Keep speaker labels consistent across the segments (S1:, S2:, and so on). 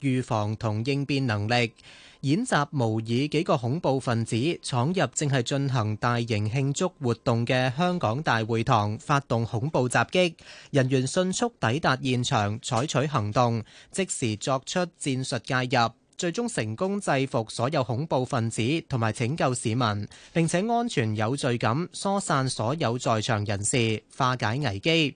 S1: 預防同應變能力演習，模擬幾個恐怖分子闖入正係進行大型慶祝活動嘅香港大會堂發動恐怖襲擊。人員迅速抵達現場採取行動，即時作出戰術介入，最終成功制服所有恐怖分子同埋拯救市民，並且安全有序咁疏散所有在場人士，化解危機。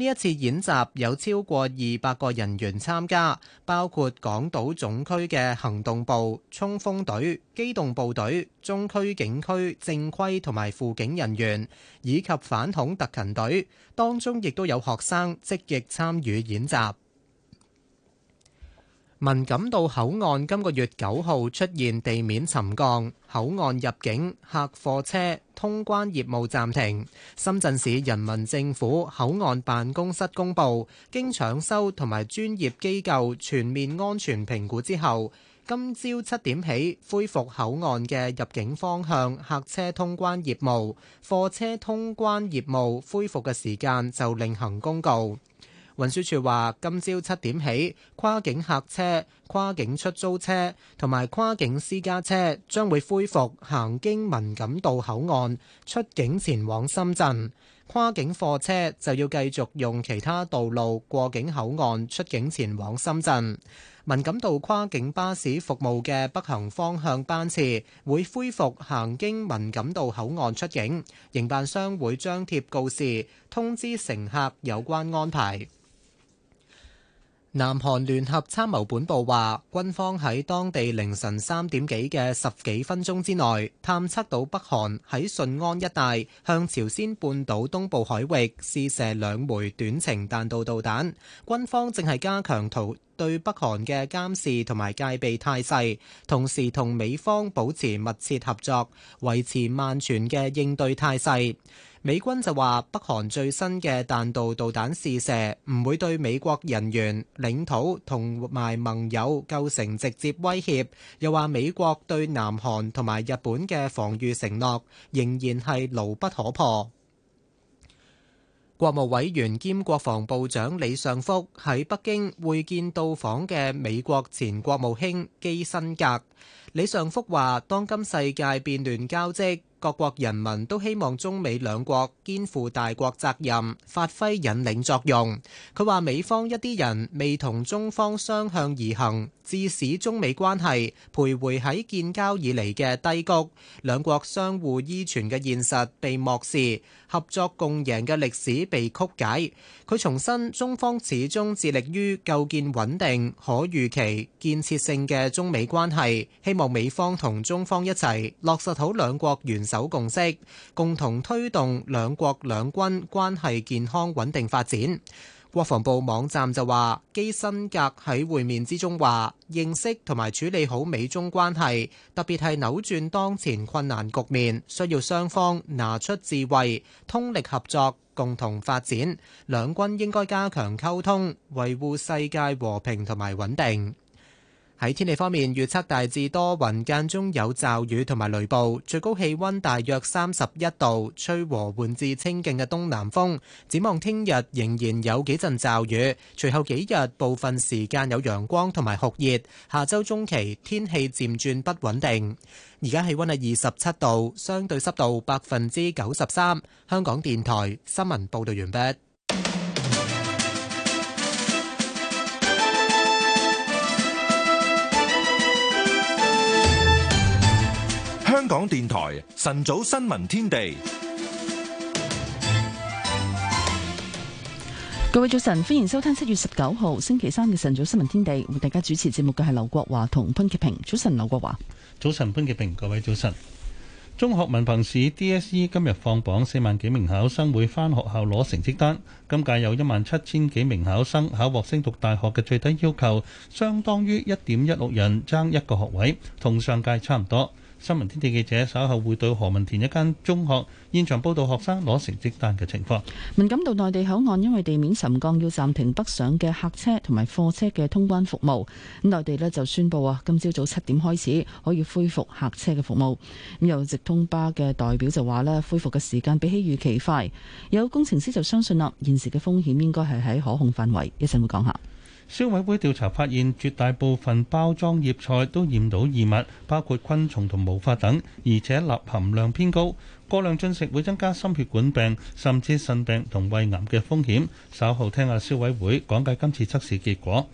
S1: 呢一次演習有超過二百個人員參加，包括港島總區嘅行動部、衝鋒隊、機動部隊、中區警區正規同埋輔警人員，以及反恐特勤隊。當中亦都有學生積極參與演習。文錦渡口岸今個月九號出現地面沉降，口岸入境客貨車通關業務暫停。深圳市人民政府口岸辦公室公布，經搶修同埋專業機構全面安全評估之後，今朝七點起恢復口岸嘅入境方向客車通關業務，貨車通關業務恢復嘅時間就另行公告。運輸署話：今朝七點起，跨境客車、跨境出租車同埋跨境私家車將會恢復行經文錦渡口岸出境前往深圳；跨境貨車就要繼續用其他道路過境口岸出境前往深圳。文錦渡跨境巴士服務嘅北行方向班次會恢復行經文錦渡口岸出境，營辦商會張貼告示通知乘客有關安排。南韓聯合參謀本部話，軍方喺當地凌晨三點幾嘅十幾分鐘之內，探測到北韓喺順安一帶向朝鮮半島東部海域試射兩枚短程彈道導彈。軍方正係加強圖對北韓嘅監視同埋戒備態勢，同時同美方保持密切合作，維持萬全嘅應對態勢。美軍就話北韓最新嘅彈道導彈試射唔會對美國人員、領土同埋盟友構成直接威脅，又話美國對南韓同埋日本嘅防禦承諾仍然係牢不可破。國務委員兼國防部長李尚福喺北京會見到訪嘅美國前國務卿基辛格。李尚福話：當今世界變亂交織，各國人民都希望中美兩國肩負大國責任，發揮引領作用。佢話美方一啲人未同中方相向而行，致使中美關係徘徊喺建交以嚟嘅低谷，兩國相互依存嘅現實被漠視，合作共贏嘅歷史被曲解。佢重申中方始終致力於構建穩定、可預期、建設性嘅中美關係，希望望美方同中方一齊落實好兩國元首共識，共同推動兩國兩軍關係健康穩定發展。國防部網站就話，基辛格喺會面之中話，認識同埋處理好美中關係，特別係扭轉當前困難局面，需要雙方拿出智慧，通力合作，共同發展。兩軍應該加強溝通，維護世界和平同埋穩定。喺天氣方面預測大致多雲間中有驟雨同埋雷暴，最高氣溫大約三十一度，吹和緩至清勁嘅東南風。展望聽日仍然有幾陣驟雨，隨後幾日部分時間有陽光同埋酷熱。下周中期天氣漸轉不穩定。而家氣溫係二十七度，相對濕度百分之九十三。香港電台新聞報道完畢。
S2: 港電台晨早新聞天地，
S3: 各位早晨，歡迎收聽七月十九號星期三嘅晨早新聞天地。為大家主持節目嘅係劉國華同潘潔平。早晨，劉國華，
S4: 早晨，潘潔平。各位早晨。中學文憑試 DSE 今日放榜，四萬幾名考生會返學校攞成績單。今屆有一萬七千幾名考生考獲升讀大學嘅最低要求，相當於一點一六人爭一個學位，同上屆差唔多。新聞天地記者稍後會對何文田一間中學現場報道學生攞成績單嘅情況。
S3: 文錦渡內地口岸因為地面沉降要暫停北上嘅客車同埋貨車嘅通關服務，咁內地咧就宣布啊，今朝早七點開始可以恢復客車嘅服務。咁有直通巴嘅代表就話咧，恢復嘅時間比起預期快。有工程師就相信啦，現時嘅風險應該係喺可控範圍。一陣會講下。
S4: 消委會調查發現，絕大部分包裝葉菜都驗到異物，包括昆蟲同毛髮等，而且鈉含量偏高。過量進食會增加心血管病、甚至腎病同胃癌嘅風險。稍後聽下消委會講解今次測試結果。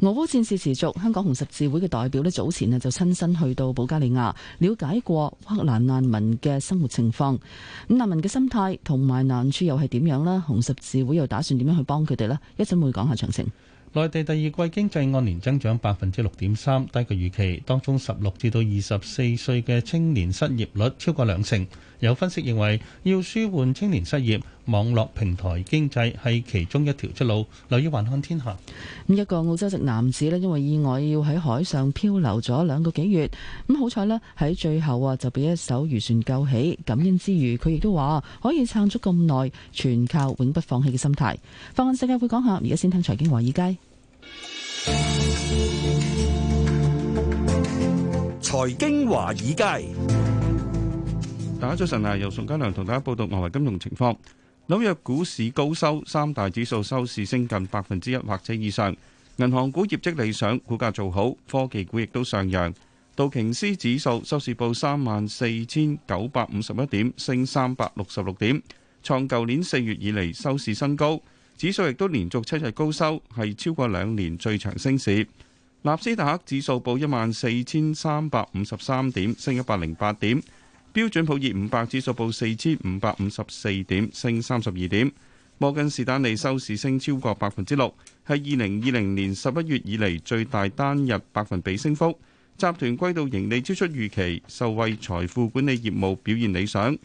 S3: 俄烏戰事持續，香港紅十字會嘅代表呢，早前呢就親身去到保加利亞了解過烏克蘭難民嘅生活情況。咁難民嘅心態同埋難處又係點樣呢？紅十字會又打算點樣去幫佢哋呢？一陣會講下詳情。
S4: 內地第二季經濟按年增長百分之六點三，低過預期。當中十六至到二十四歲嘅青年失業率超過兩成。有分析認為，要舒緩青年失業。網絡平台經濟係其中一條出路，留意《環看天下》。
S3: 一個澳洲籍男子咧，因為意外要喺海上漂流咗兩個幾月，咁好彩呢，喺最後啊，就俾一艘漁船救起。感恩之餘，佢亦都話可以撐足咁耐，全靠永不放棄嘅心態。放眼世界會講下，而家先聽財經華爾街。
S5: 財經華爾街，大家早晨啊！由宋嘉良同大家報道外圍金融情況。紐約股市高收，三大指數收市升近百分之一或者以上。銀行股業績理想，股價做好，科技股亦都上揚。道瓊斯指數收市報三萬四千九百五十一點，升三百六十六點，創舊年四月以嚟收市新高。指數亦都連續七日高收，係超過兩年最長升市。納斯達克指數報一萬四千三百五十三點，升一百零八點。標準普爾五百指數報四千五百五十四點，升三十二點。摩根士丹利收市升超過百分之六，係二零二零年十一月以嚟最大單日百分比升幅。集團季度盈利超出預期，受惠財富管理業務表現理想。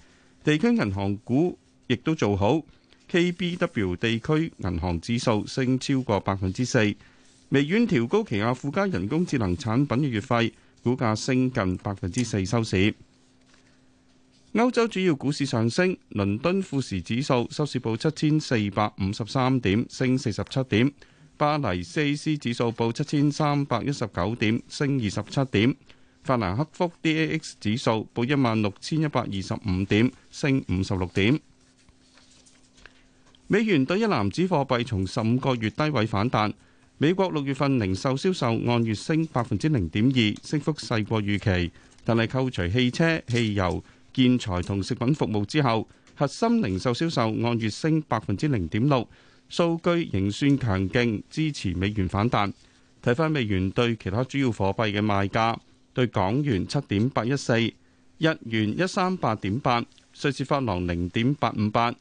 S5: 地區銀行股亦都做好，KBW 地區銀行指數升超過百分之四。微軟調高旗下附加人工智能產品嘅月費，股價升近百分之四收市。歐洲主要股市上升，倫敦富時指數收市報七千四百五十三點，升四十七點；巴黎 CAC 指數報七千三百一十九點，升二十七點；法蘭克福 DAX 指數報一萬六千一百二十五點，升五十六點。美元兌一籃子貨幣從十五個月低位反彈。美國六月份零售銷售，售按月升百分之零點二，升幅細過預期，但係扣除汽車、汽油。建材同食品服務之後，核心零售銷售按月升百分之零點六，數據仍算強勁，支持美元反彈。睇返美元對其他主要貨幣嘅賣價，對港元七點八一四，日元一三八點八，瑞士法郎零點八五八，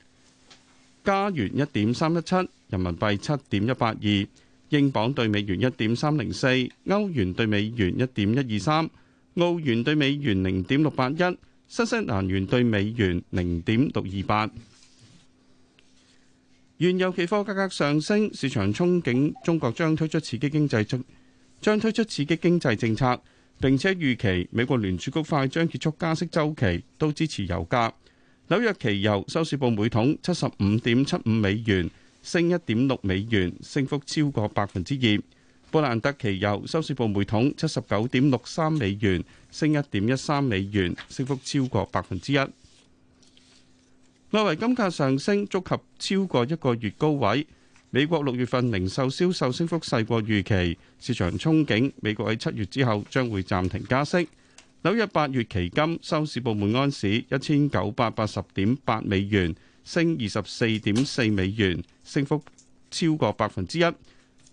S5: 加元一點三一七，人民幣七點一八二，英鎊對美元一點三零四，歐元對美元一點一二三，澳元對美元零點六八一。新西蘭元兌美元零點六二八，原油期貨價格上升，市場憧憬中國將推出刺激經濟，將推出刺激經濟政策，並且預期美國聯儲局快將結束加息周期，都支持油價。紐約期油收市報每桶七十五點七五美元，升一點六美元，升幅超過百分之二。布蘭特期油收市報每桶七十九點六三美元，升一點一三美元，升幅超過百分之一。外圍金價上升，觸及超過一個月高位。美國六月份零售銷售升幅細過預期，市場憧憬美國喺七月之後將會暫停加息。紐約八月期金收市報每安士一千九百八十點八美元，升二十四點四美元，升幅超過百分之一。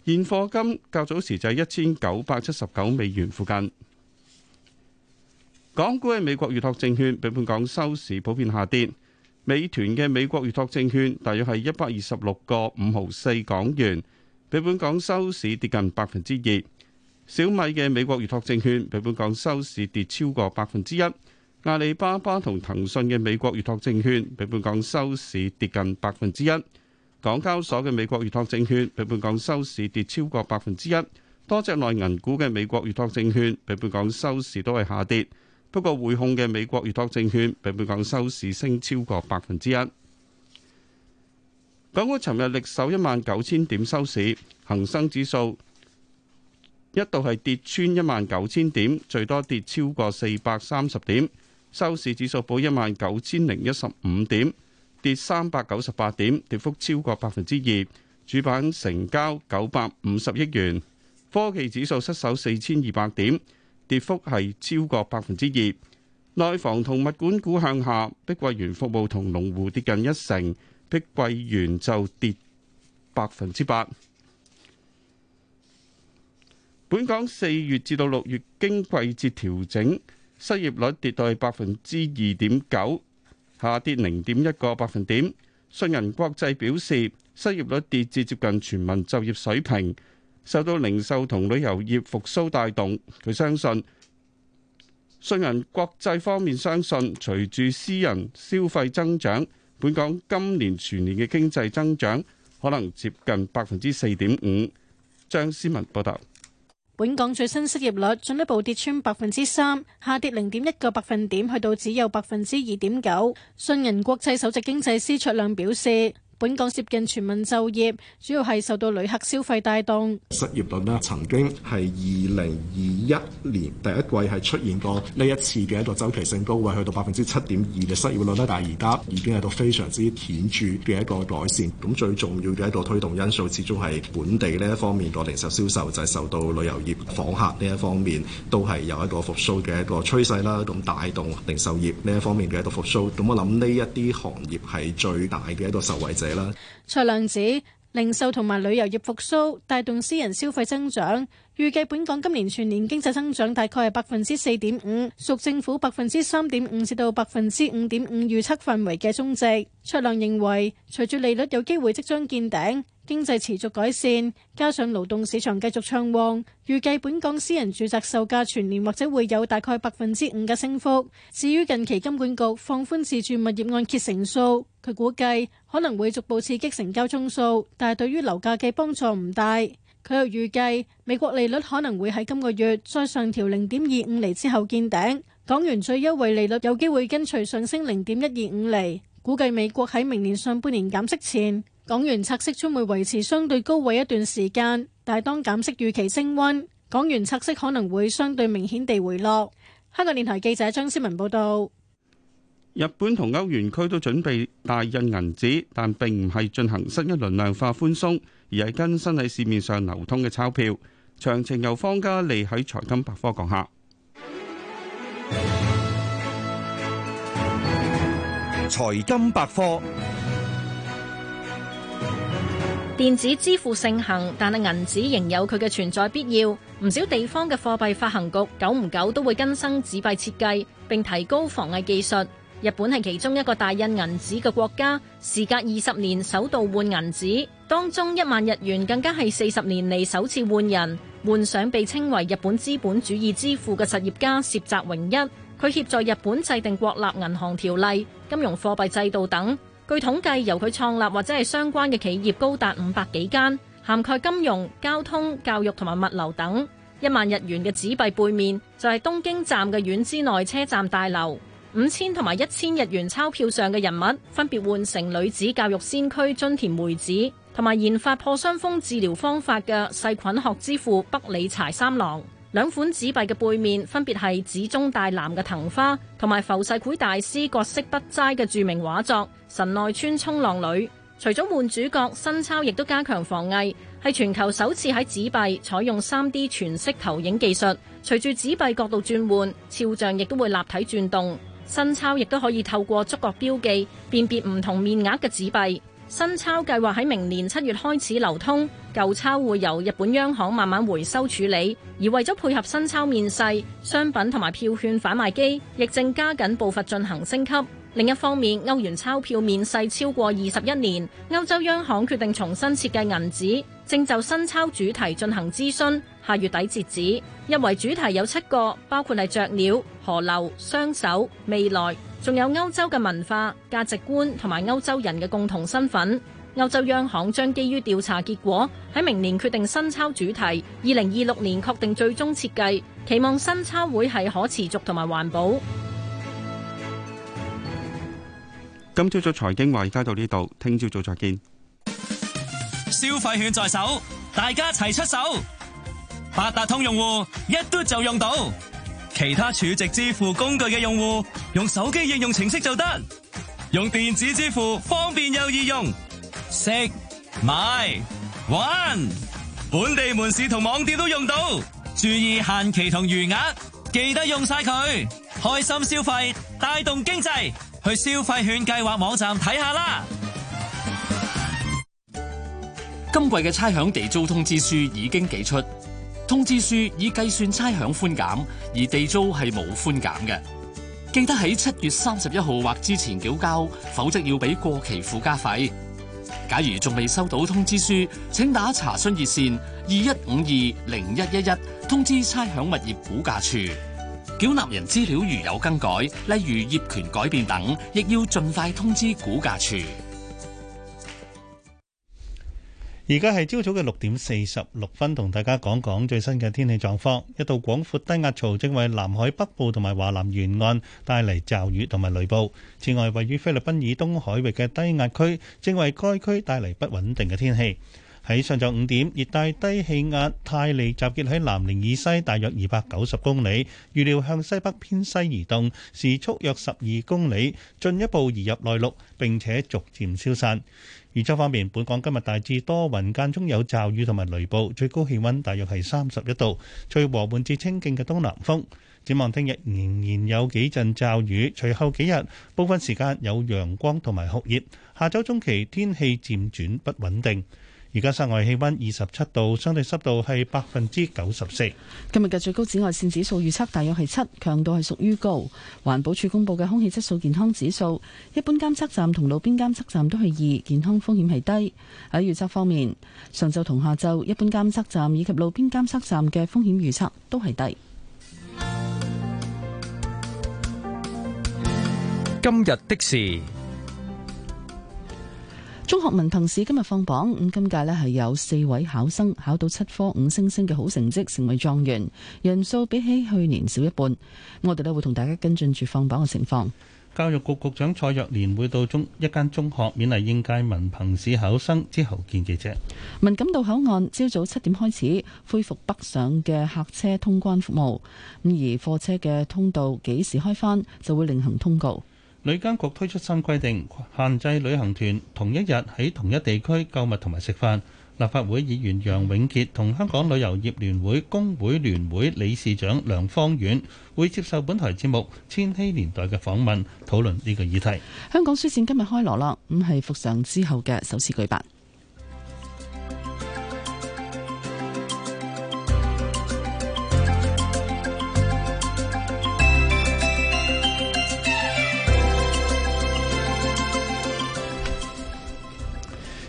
S5: 現貨金較早時就係一千九百七十九美元附近。港股嘅美國預託證券比本港收市普遍下跌。美團嘅美國預託證券大約係一百二十六個五毫四港元，比本港收市跌近百分之二。小米嘅美國預託證券比本港收市跌超過百分之一。阿里巴巴同騰訊嘅美國預託證券比本港收市跌近百分之一。港交所嘅美國預託證券比本港收市跌超過百分之一，多隻內銀股嘅美國預託證券比本港收市都係下跌。不過匯控嘅美國預託證券比本港收市升超過百分之一。港股尋日力守一萬九千點收市，恒生指數一度係跌穿一萬九千點，最多跌超過四百三十點，收市指數報一萬九千零一十五點。跌三百九十八點，跌幅超過百分之二。主板成交九百五十億元。科技指數失守四千二百點，跌幅係超過百分之二。內房同物管股向下，碧桂園服務同龍湖跌近一成，碧桂園就跌百分之八。本港四月至到六月經季節調整，失業率跌到係百分之二點九。下跌零點一個百分點。信銀國際表示，失業率跌至接近全民就業水平，受到零售同旅遊業復甦帶動。佢相信，信銀國際方面相信，隨住私人消費增長，本港今年全年嘅經濟增長可能接近百分之四點五。張思文報道。
S6: 本港最新失業率進一步跌穿百分之三，下跌零點一個百分點，去到只有百分之二點九。信銀國際首席經濟師卓亮表示。本港接近全民就業，主要係受到旅客消費帶動。
S2: 失業率呢，曾經係二零二一年第一季係出現過呢一次嘅一個週期性高位，去到百分之七點二嘅失業率啦。但係而家已經係到非常之顯著嘅一個改善。咁最重要嘅一個推動因素，始終係本地呢一方面個零售銷售就係受到旅遊業訪客呢一方面都係有一個復蘇嘅一個趨勢啦，咁帶動零售業呢一方面嘅一個復蘇，咁我諗呢一啲行業係最大嘅一個受惠者。
S6: 蔡亮指，零售同埋旅遊業復蘇，帶動私人消費增長。預計本港今年全年經濟增長大概係百分之四點五，屬政府百分之三點五至到百分之五點五預測範圍嘅中值。卓亮認為，隨住利率有機會即將見頂，經濟持續改善，加上勞動市場繼續暢旺，預計本港私人住宅售價全年或者會有大概百分之五嘅升幅。至於近期金管局放寬自住物業按揭成數，佢估計可能會逐步刺激成交宗數，但係對於樓價嘅幫助唔大。佢又預計美國利率可能會喺今個月再上調零點二五厘之後見頂，港元最優惠利率有機會跟隨上升零點一二五厘，估計美國喺明年上半年減息前，港元拆息將會維持相對高位一段時間，但係當減息預期升溫，港元拆息可能會相對明顯地回落。香港電台記者張思文報道。
S5: 日本同歐元區都準備大印銀紙，但並唔係進行新一輪量化寬鬆，而係更新喺市面上流通嘅鈔票。詳情由方家利喺財金百科講下。
S7: 財金百科。
S8: 電子支付盛行，但係銀紙仍有佢嘅存在必要。唔少地方嘅貨幣發行局，久唔久都會更新紙幣設計，並提高防偽技術。日本係其中一個大印銀紙嘅國家，時隔二十年首度換銀紙，當中一萬日元更加係四十年嚟首次換人換上，想被稱為日本資本主義之父嘅實業家涉澤榮一，佢協助日本制定國立銀行條例、金融貨幣制度等。據統計，由佢創立或者係相關嘅企業高達五百幾間，涵蓋金融、交通、教育同埋物流等。一萬日元嘅紙幣背面就係東京站嘅丸之內車站大樓。五千同埋一千日元鈔票上嘅人物分別換成女子教育先驅津田梅子同埋研發破傷風治療方法嘅細菌學之父北里柴三郎。兩款紙幣嘅背面分別係紫中帶藍嘅藤花同埋浮世繪大師葛飾北齋嘅著名畫作《神奈川衝浪女》。除咗換主角，新鈔亦都加強防偽，係全球首次喺紙幣採用 3D 全息投影技術，隨住紙幣角度轉換，肖像亦都會立體轉動。新鈔亦都可以透過觸覺標記辨別唔同面額嘅紙幣。新鈔計劃喺明年七月開始流通，舊鈔會由日本央行慢慢回收處理。而為咗配合新鈔面世，商品同埋票券販賣機亦正加緊步伐進行升級。另一方面，歐元鈔票面世超過二十一年，歐洲央行決定重新設計銀紙，正就新鈔主題進行諮詢。下月底截止，入圍主題有七個，包括係雀鳥、河流、雙手、未來，仲有歐洲嘅文化價值觀同埋歐洲人嘅共同身份。歐洲央行將基於調查結果喺明年決定新鈔主題，二零二六年確定最終設計。期望新鈔會係可持續同埋環保。
S5: 今朝早財經話而家到呢度，聽朝早再見。
S1: 消費券在手，
S9: 大家齊出手。八達通用戶一嘟就用到，
S2: 其他儲值支付工具嘅用戶用手機應用程式就得，用
S9: 電子支付方便又易用，食買玩本地門市同網店都用到，注意限期同餘額，記得用晒佢，開心消費帶動經濟，去消費券計劃網站睇下啦。今季嘅差餉地租通知書已經寄出。通知書已計算差餉寬減，而地租係冇寬減嘅。記得喺七月三十一號或之前繳交，否則要俾過期附加費。假如仲未收到通知書，請打查詢熱線二一五二零一一一通知差餉物業估價處。繳納人資料如有更改，例如業權改變等，亦要盡快通知估價處。
S4: 而家係朝早嘅六點四十六分，同大家講講最新嘅天氣狀況。一道廣闊低壓槽正為南海北部同埋華南沿岸帶嚟驟雨同埋雷暴。此外，位於菲律賓以東海域嘅低壓區正為該區帶嚟不穩定嘅天氣。喺上晝五點，熱帶低氣壓泰利集結喺南寧以西大約二百九十公里，預料向西北偏西移動，時速約十二公里，進一步移入內陸並且逐漸消散。預測方面，本港今日大致多雲，間中有驟雨同埋雷暴，最高氣温大約係三十一度，吹和緩至清勁嘅東南風。展望聽日仍然有幾陣驟雨，隨後幾日部分時間有陽光同埋酷熱。下週中期天氣漸轉不穩定。而家室外氣溫二十七度，相對濕度係百分之九十四。
S3: 今日嘅最高紫外線指數預測大約係七，強度係屬於高。環保署公布嘅空氣質素健康指數，一般監測站同路邊監測站都係二，健康風險係低。喺預測方面，上晝同下晝一般監測站以及路邊監測站嘅風險預測都係低。
S7: 今日的事。
S3: 中學文憑試今日放榜，咁今屆咧係有四位考生考到七科五星星嘅好成績，成為狀元，人數比起去年少一半。我哋咧會同大家跟進住放榜嘅情況。
S4: 教育局局長蔡若蓮會到中一間中學勉勵應屆文憑試考生，之後見記者。
S3: 文錦渡口岸朝早七點開始恢復北上嘅客車通關服務，咁而貨車嘅通道幾時開翻，就會另行通告。
S4: 旅監局推出新規定，限制旅行團同一日喺同一地區購物同埋食飯。立法會議員楊永杰同香港旅遊業聯會工會聯會理事長梁方遠會接受本台節目《千禧年代》嘅訪問，討論呢個議題。
S3: 香港書展今日開羅啦，咁係復常之後嘅首次舉辦。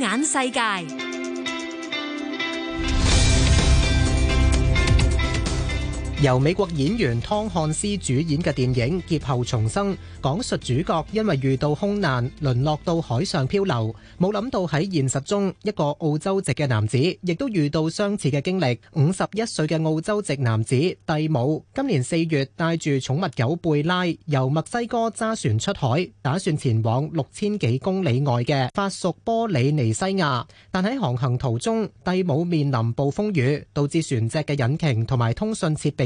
S10: 眼世界。
S1: 由美國演員湯漢斯主演嘅電影《劫後重生》，講述主角因為遇到空難，淪落到海上漂流。冇諗到喺現實中，一個澳洲籍嘅男子，亦都遇到相似嘅經歷。五十一歲嘅澳洲籍男子蒂姆，今年四月帶住寵物狗貝拉，由墨西哥揸船出海，打算前往六千幾公里外嘅法屬波里尼西亞。但喺航行途中，蒂姆面臨暴風雨，導致船隻嘅引擎同埋通訊設備。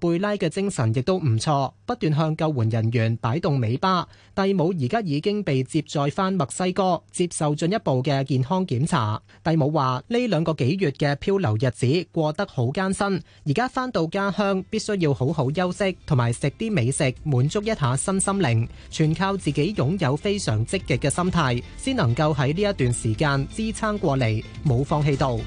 S1: 貝拉嘅精神亦都唔錯，不斷向救援人員擺動尾巴。蒂姆而家已經被接載返墨西哥，接受進一步嘅健康檢查。蒂姆話：呢兩個幾月嘅漂流日子過得好艱辛，而家返到家鄉必須要好好休息，同埋食啲美食，滿足一下新心靈。全靠自己擁有非常積極嘅心態，先能夠喺呢一段時間支撐過嚟，冇放棄到。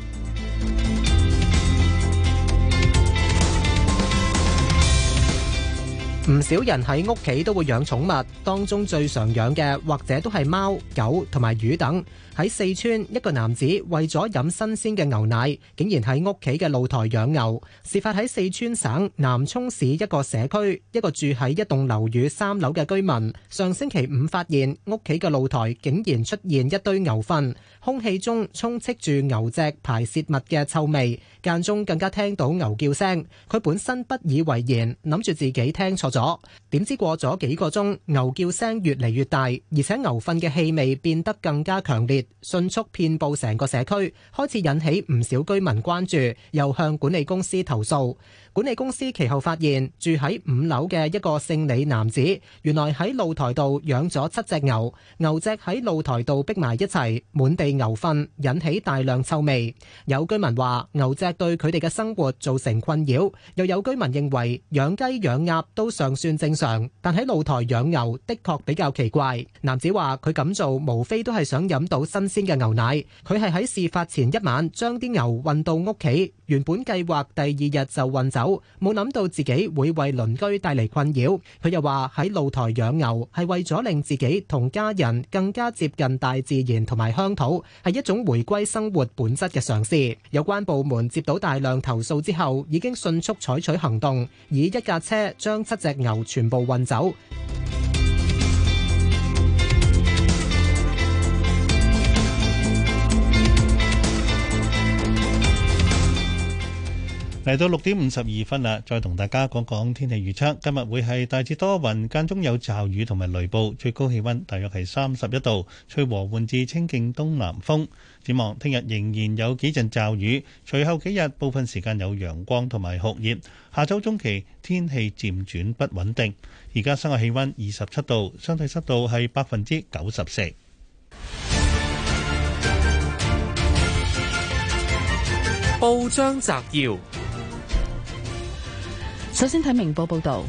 S1: 唔少人喺屋企都會養寵物，當中最常養嘅或者都係貓、狗同埋魚等。喺四川，一個男子為咗飲新鮮嘅牛奶，竟然喺屋企嘅露台養牛。事發喺四川省南充市一個社區，一個住喺一棟樓宇三樓嘅居民，上星期五發現屋企嘅露台竟然出現一堆牛糞，空氣中充斥住牛隻排泄物嘅臭味，間中更加聽到牛叫聲，佢本身不以為然，諗住自己聽錯咗。點知過咗幾個鐘，牛叫聲越嚟越大，而且牛糞嘅氣味變得更加強烈。迅速遍佈成個社區，開始引起唔少居民關注，又向管理公司投訴。管理公司其後發現，住喺五樓嘅一個姓李男子，原來喺露台度養咗七隻牛，牛隻喺露台度逼埋一齊，滿地牛糞，引起大量臭味。有居民話，牛隻對佢哋嘅生活造成困擾。又有居民認為，養雞養鴨都尚算正常，但喺露台養牛的確比較奇怪。男子話，佢咁做無非都係想飲到新鮮嘅牛奶，佢係喺事發前一晚將啲牛運到屋企。原本計劃第二日就運走，冇諗到自己會為鄰居帶嚟困擾。佢又話：喺露台養牛係為咗令自己同家人更加接近大自然同埋鄉土，係一種回歸生活本質嘅嘗試。有關部門接到大量投訴之後，已經迅速採取行動，以一架車將七隻牛全部運走。
S4: 嚟到六點五十二分啦，再同大家講講天氣預測。今日會係大致多雲，間中有驟雨同埋雷暴，最高氣溫大約係三十一度，吹和緩至清勁東南風。展望聽日仍然有幾陣驟雨，隨後幾日部分時間有陽光同埋酷熱。下周中期天氣漸轉不穩定。而家室外氣溫二十七度，相對濕度係百分之九十四。
S7: 報章摘要。
S3: 首先睇明報報道，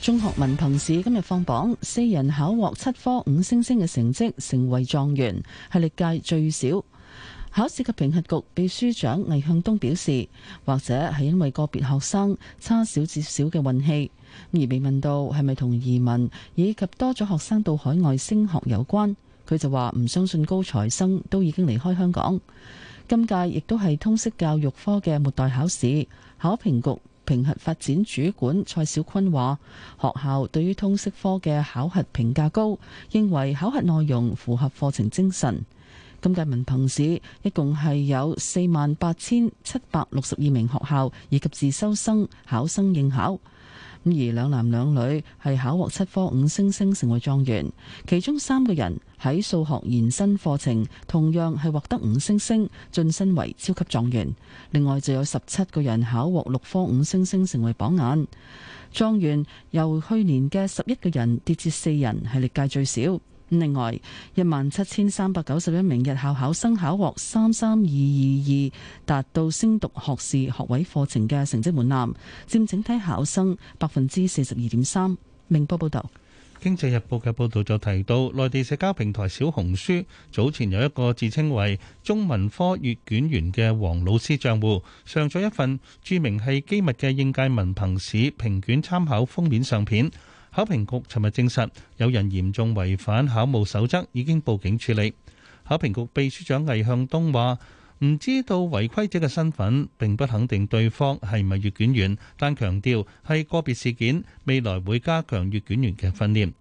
S3: 中學文憑試今日放榜，四人考獲七科五星星嘅成績，成為狀元，係歷屆最少。考試及評核局秘書長魏向東表示，或者係因為個別學生差少至少嘅運氣，而被問到係咪同移民以及多咗學生到海外升學有關，佢就話唔相信高材生都已經離開香港。今屆亦都係通識教育科嘅末代考試，考評局。評核發展主管蔡小坤話：學校對於通識科嘅考核評價高，認為考核內容符合課程精神。今屆文憑試一共係有四萬八千七百六十二名學校以及自修生考生應考。而兩男兩女係考獲七科五星星，成為狀元，其中三個人喺數學延伸課程同樣係獲得五星星，晉身為超級狀元。另外就有十七個人考獲六科五星星，成為榜眼。狀元由去年嘅十一個人跌至四人，係歷屆最少。另外，一萬七千三百九十一名日校考生考獲三三二二二，達到升讀學士學位課程嘅成績門檻，佔整體考生百分之四十二點三。明報報導，
S4: 《經濟日報》嘅報導就提到，內地社交平台小紅書早前有一個自稱為中文科閱卷員嘅黃老師賬戶，上咗一份註明係機密嘅應屆文憑試評卷參考封面相片。考評局尋日證實有人嚴重違反考務守則，已經報警處理。考評局秘書長魏向東話：唔知道違規者嘅身份，並不肯定對方係咪閱卷員，但強調係個別事件，未來會加強閱卷員嘅訓練。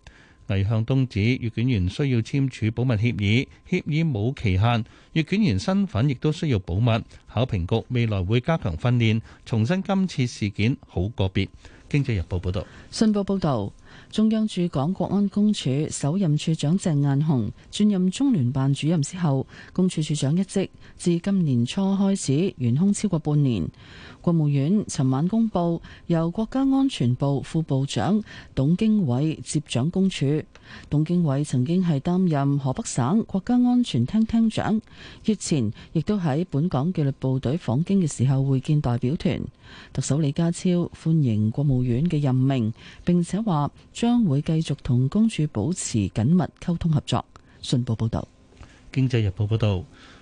S4: 魏向東指，閱卷員需要簽署保密協議，協議冇期限，閱卷員身份亦都需要保密。考評局未來會加強訓練，重申今次事件好個別。經濟日報報道，
S3: 信報報道。中央駐港國安公署首任署長鄭雁雄轉任中聯辦主任之後，公署署長一職自今年初開始懸空超過半年。國務院尋晚公佈，由國家安全部副部長董經緯接掌公署。董經緯曾經係擔任河北省國家安全廳廳長，月前亦都喺本港紀律部隊訪京嘅時候會見代表團。特首李家超歡迎國務院嘅任命，並且話將會繼續同公署保持緊密溝通合作。信報報道，
S4: 《經濟日報》報道。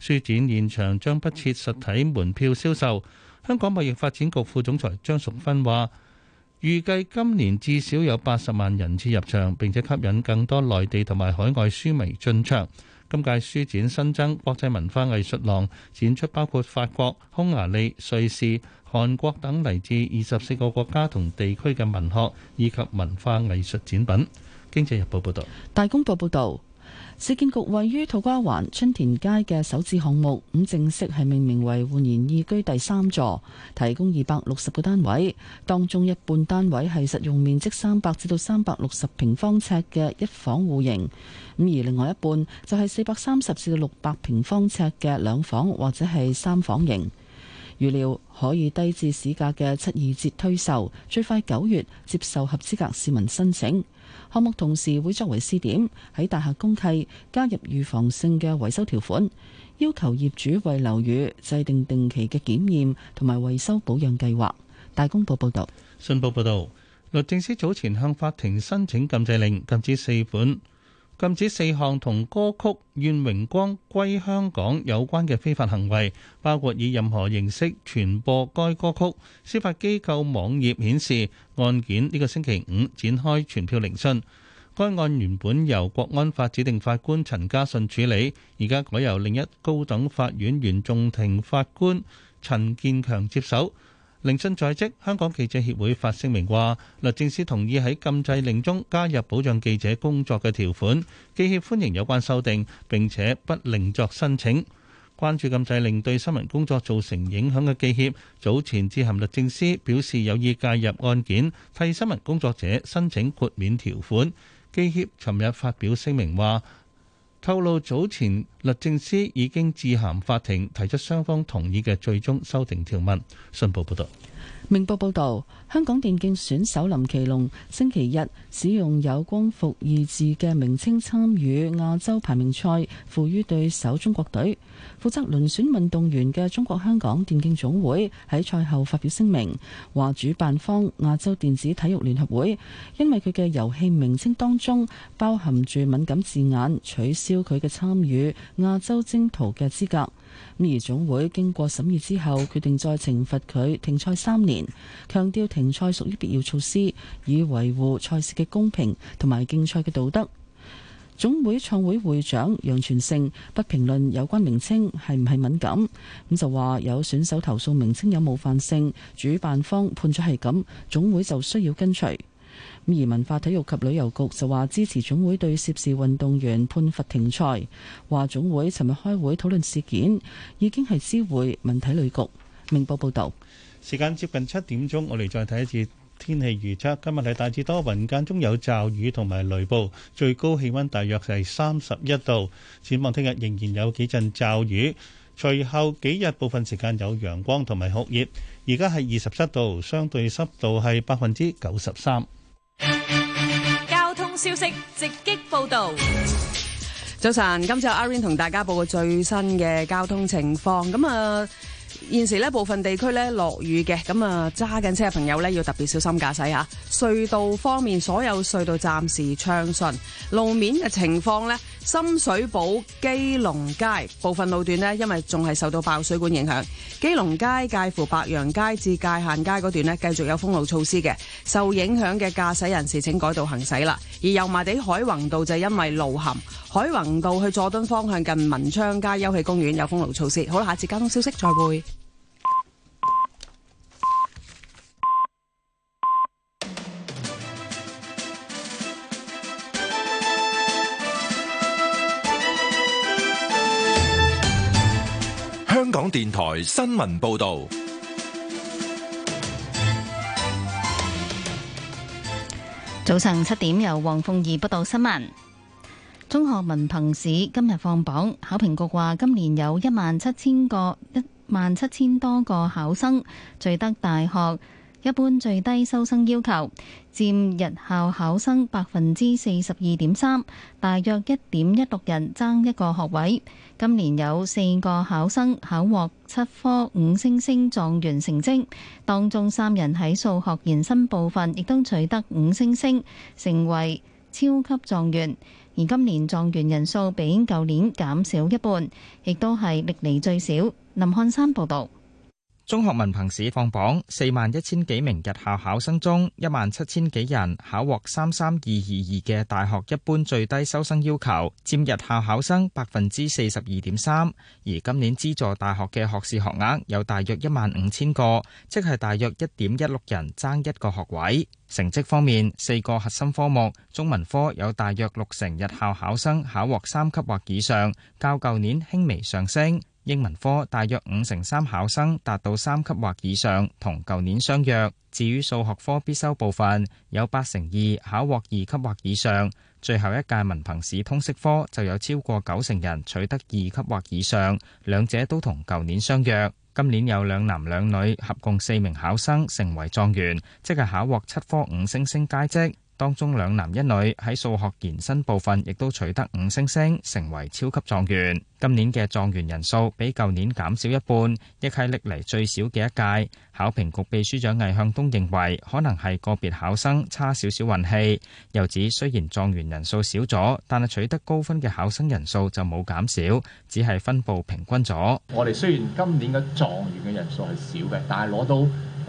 S4: 書展現場將不設實體門票銷售。香港貿易發展局副總裁張淑芬話：預計今年至少有八十萬人次入場，並且吸引更多內地同埋海外書迷進場。今屆書展新增國際文化藝術廊，展出包括法國、匈牙利、瑞士、韓國等嚟自二十四個國家同地區嘅文學以及文化藝術展品。經濟日報報道，
S3: 大公報報道。市建局位於土瓜灣春田街嘅首置項目，咁正式係命名為煥然懿居第三座，提供二百六十個單位，當中一半單位係實用面積三百至到三百六十平方尺嘅一房戶型，咁而另外一半就係四百三十至到六百平方尺嘅兩房或者係三房型，預料可以低至市價嘅七二折推售，最快九月接受合資格市民申請。項目同時會作為試點，喺大廈公契加入預防性嘅維修條款，要求業主為樓宇制定定期嘅檢驗同埋維修保養計劃。大公報報道。
S4: 信報報道，律政司早前向法庭申請禁制令，禁止四款。禁止四項同歌曲《願榮光歸香港》有關嘅非法行為，包括以任何形式傳播該歌曲。司法機構網頁顯示，案件呢個星期五展開傳票聆訊。該案原本由國安法指定法官陳家信處理，而家改由另一高等法院原訟庭法官陳建強接手。聆訊在即，香港記者協會發聲明話，律政司同意喺禁制令中加入保障記者工作嘅條款，記協歡迎有關修訂，並且不另作申請。關注禁制令對新聞工作造成影響嘅記協，早前致函律政司表示有意介入案件，替新聞工作者申請豁免條款。記協尋日發表聲明話，透露早前律政司已經致函法庭，提出雙方同意嘅最終修訂條文。信報報道。
S3: 明報報道，香港電競選手林奇龍星期日使用有“光復”二字嘅名稱參與亞洲排名賽，負於對手中國隊。負責輪選運動員嘅中國香港電競總會喺賽後發表聲明，話主辦方亞洲電子體育聯合會因為佢嘅遊戲名稱當中包含住敏感字眼，取消佢嘅參與亞洲征途嘅資格。咁而總會經過審議之後，決定再懲罰佢停賽三年，強調停賽屬於必要措施，以維護賽事嘅公平同埋競賽嘅道德。總會創會會長楊傳勝不評論有關名稱係唔係敏感，咁就話有選手投訴名稱有冒犯性，主辦方判咗係咁，總會就需要跟隨。咁而文化體育及旅遊局就話支持總會對涉事運動員判罰停賽，話總會尋日開會討論事件，已經係知會文體旅局。明報報道，
S4: 時間接近七點鐘，我哋再睇一次天氣預測。今日係大致多雲間中有驟雨同埋雷暴，最高氣溫大約係三十一度。展望聽日仍然有幾陣驟雨，隨後幾日部分時間有陽光同埋酷熱。而家係二十七度，相對濕度係百分之九十三。
S11: 交通消息直擊報道。早晨，今朝阿 Rain 同大家報告最新嘅交通情況。咁啊、呃，現時呢部分地區呢落雨嘅，咁啊揸緊車嘅朋友呢要特別小心駕駛吓。隧道方面，所有隧道暫時暢順，路面嘅情況呢。深水埗，基隆街，部分路段呢，因為仲係受到爆水管影響。基隆街，介乎白楊街至界限街嗰段呢，繼續有封路措施嘅。受影響嘅駕駛人士請改道行駛啦。而油麻地海泓道就係因為路陷。海泓道去佐敦方向近文昌街，休憩公園有封路措施。好啦，下次交通消息再會。
S2: 香港電台新聞報道，
S10: 早上七點由黃鳳儀報道新聞。中學文憑試今日放榜，考評局話今年有一萬七千個一萬七千多個考生，取得大學一般最低收生要求，佔日校考生百分之四十二點三，大約一點一六人爭一個學位。今年有四個考生考獲七科五星星狀元成績，當中三人喺數學延伸部分亦都取得五星星，成為超級狀元。而今年狀元人數比舊年減少一半，亦都係歷嚟最少。林漢山報道。
S12: 中學文憑試放榜，四萬一千幾名日校考生中，一萬七千幾人考獲三三二二二嘅大學一般最低收生要求，佔日校考生百分之四十二點三。而今年資助大學嘅學士學額有大約一萬五千個，即係大約一點一六人爭一個學位。成績方面，四個核心科目，中文科有大約六成日校考生考獲三級或以上，較舊年輕微上升。英文科大約五成三考生達到三級或以上，同舊年相若。至於數學科必修部分，有八成二考獲二級或以上。最後一屆文憑試通識科就有超過九成人取得二級或以上，兩者都同舊年相若。今年有兩男兩女合共四名考生成為狀元，即係考獲七科五星星佳績。當中兩男一女喺數學延伸部分亦都取得五星星，成為超級狀元。今年嘅狀元人數比舊年減少一半，亦係歷嚟最少嘅一屆。考評局秘書長魏向東認為，可能係個別考生差少少運氣。又指雖然狀元人數少咗，但係取得高分嘅考生人數就冇減少，只係分佈平均咗。
S9: 我哋雖然今年嘅狀元嘅人數係少嘅，但係攞到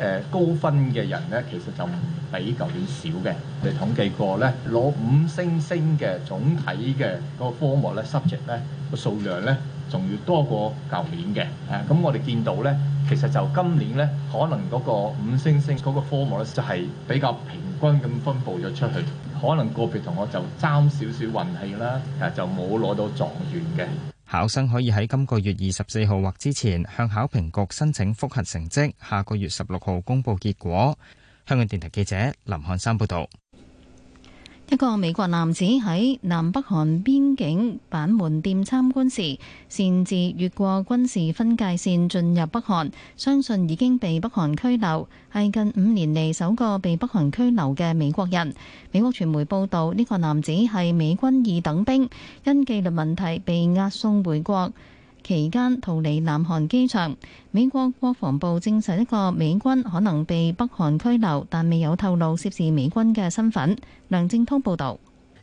S9: 誒高分嘅人咧，其實就唔比舊年少嘅。我哋統計過咧，攞五星星嘅總體嘅嗰個科目咧 subject 咧個數量。咧仲要多過舊年嘅，咁、啊、我哋見到咧，其實就今年咧，可能嗰個五星星嗰個科目咧就係比較平均咁分布咗出去，可能個別同學就爭少少運氣啦、啊啊，就冇攞到狀元嘅。
S12: 考生可以喺今個月二十四號或之前向考評局申請複核成績，下個月十六號公佈結果。香港電台記者林漢山報導。
S10: 一個美國男子喺南北韓邊境板門店參觀時，擅自越過軍事分界線進入北韓，相信已經被北韓拘留，係近五年嚟首個被北韓拘留嘅美國人。美國傳媒報道，呢個男子係美軍二等兵，因紀律問題被押送回國。期間逃離南韓機場，美國國防部證實一個美軍可能被北韓拘留，但未有透露涉事美軍嘅身份。梁
S1: 正通報導。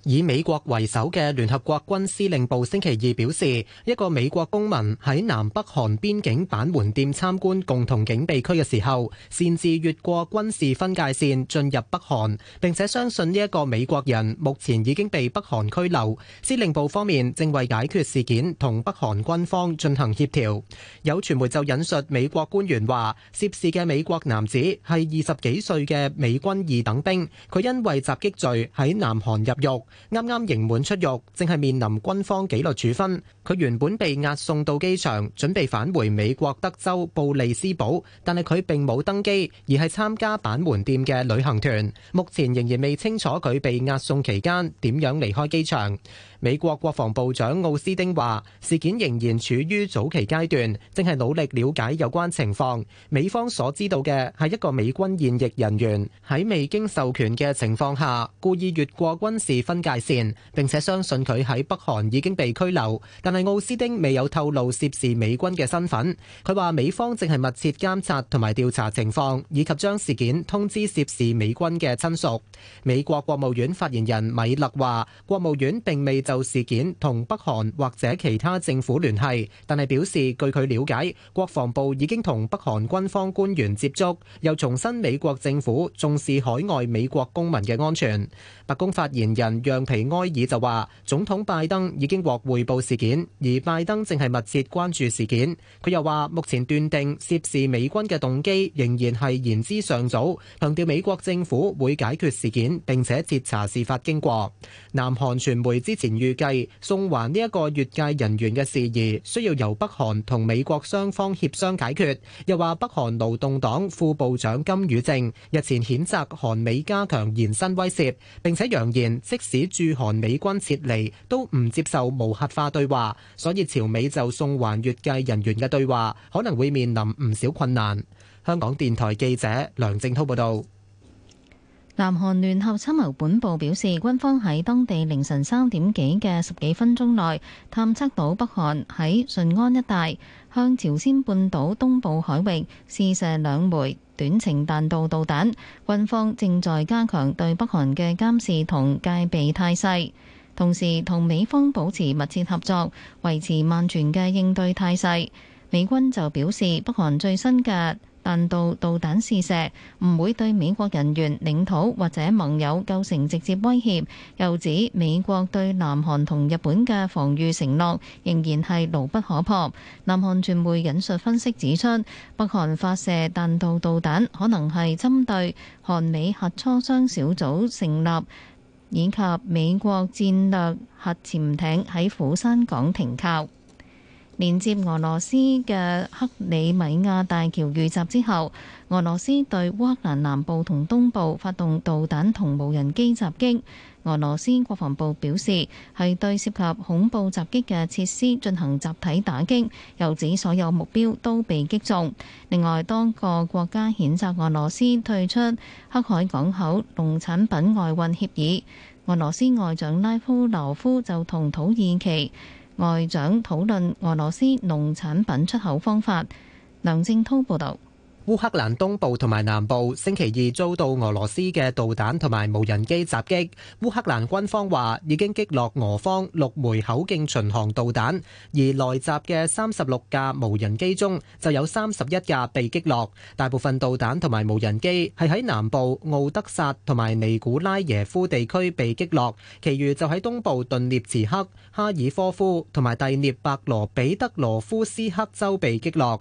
S1: 以美國為首嘅聯合國軍司令部星期二表示，一個美國公民喺南北韓邊境板門店參觀共同警備區嘅時候，擅自越過軍事分界線進入北韓。並且相信呢一個美國人目前已經被北韓拘留。司令部方面正為解決事件同北韓軍方進行協調。有傳媒就引述美國官員話，涉事嘅美國男子係二十幾歲嘅美軍二等兵，佢因為襲擊罪喺南韓入獄。啱啱刑滿出獄，正係面臨軍方紀律處分。佢原本被押送到機場，準備返回美國德州布利斯堡，但係佢並冇登機，而係參加板門店嘅旅行團。目前仍然未清楚佢被押送期間點樣離開機場。美國國防部長奧斯丁話：事件仍然處於早期階段，正係努力了解有關情況。美方所知道嘅係一個美軍現役人員喺未經授權嘅情況下，故意越過軍事分界線。並且相信佢喺北韓已經被拘留。但係奧斯丁未有透露涉事美軍嘅身份。佢話：美方正係密切監察同埋調查情況，以及將事件通知涉事美軍嘅親屬。美國國務院發言人米勒話：國務院並未。就事件同北韓或者其他政府聯繫，但係表示據佢了解，國防部已經同北韓軍方官員接觸，又重申美國政府重視海外美國公民嘅安全。白宮發言人楊皮埃爾就話，總統拜登已經獲匯報事件，而拜登正係密切關注事件。佢又話，目前斷定涉事美軍嘅動機仍然係言之尚早，強調美國政府會解決事件並且徹查事發經過。南韓傳媒之前。預計送還呢一個越界人員嘅事宜，需要由北韓同美國雙方協商解決。又話北韓勞動黨副部長金與正日前譴責韓美加強延伸威懾，並且揚言即使駐韓美軍撤離都唔接受無核化對話，所以朝美就送還越界人員嘅對話可能會面臨唔少困難。香港電台記者梁正滔報道。
S10: 南韓聯合參謀本部表示，軍方喺當地凌晨三點幾嘅十幾分鐘內，探測到北韓喺順安一帶向朝鮮半島東部海域試射兩枚短程彈道導彈。軍方正在加強對北韓嘅監視同戒備態勢，同時同美方保持密切合作，維持萬全嘅應對態勢。美軍就表示，北韓最新嘅彈道導彈試射唔會對美國人員、領土或者盟友構成直接威脅，又指美國對南韓同日本嘅防禦承諾仍然係牢不可破。南韓傳媒引述分析指出，北韓發射彈道導彈可能係針對韓美核磋商小組成立，以及美國戰略核潛艇喺釜山港停靠。連接俄羅斯嘅克里米亞大橋遇襲之後，俄羅斯對烏克蘭南部同東部發動導彈同無人機襲擊。俄羅斯國防部表示，係對涉及恐怖襲擊嘅設施進行集體打擊，又指所有目標都被擊中。另外，多個國家譴責俄羅斯退出黑海港口農產品外運協議。俄羅斯外長拉夫羅夫就同土耳其外長討論俄羅斯農產品出口方法。梁正滔報導。
S1: 烏克蘭東部同埋南部星期二遭到俄羅斯嘅導彈同埋無人機襲擊，烏克蘭軍方話已經擊落俄方六枚口徑巡航導彈，而來襲嘅三十六架無人機中就有三十一架被擊落。大部分導彈同埋無人機係喺南部奧德薩同埋尼古拉耶夫地區被擊落，其餘就喺東部頓涅茨克、哈爾科夫同埋第涅伯羅彼得羅夫斯克州被擊落。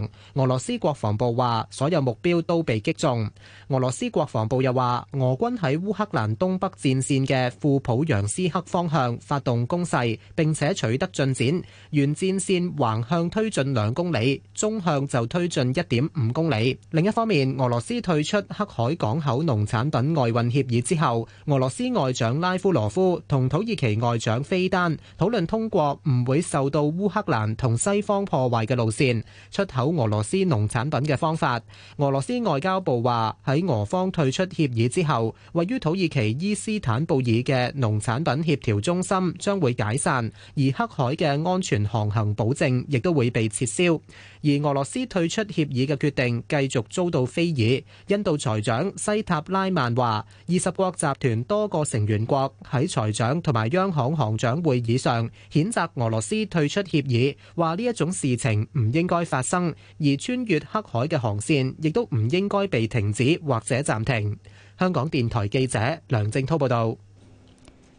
S1: 俄羅斯國防部話所有目標都被擊中。俄羅斯國防部又話俄軍喺烏克蘭東北戰線嘅庫普揚斯克方向發動攻勢，並且取得進展，原戰線橫向推進兩公里，中向就推進一點五公里。另一方面，俄羅斯退出黑海港口農產品外運協議之後，俄羅斯外長拉夫羅夫同土耳其外長菲丹討論通過唔會受到烏克蘭同西方破壞嘅路線出口。走俄羅斯農產品嘅方法。俄羅斯外交部話喺俄方退出協議之後，位於土耳其伊斯坦布爾嘅農產品協調中心將會解散，而黑海嘅安全航行保證亦都會被撤銷。而俄羅斯退出協議嘅決定繼續遭到非議。印度財長西塔拉曼話：二十國集團多個成員國喺財長同埋央行行長會議上譴責俄羅斯退出協議，話呢一種事情唔應該發生。而穿越黑海嘅航線亦都唔應該被停止或者暫停。香港電台記者梁正濤報道。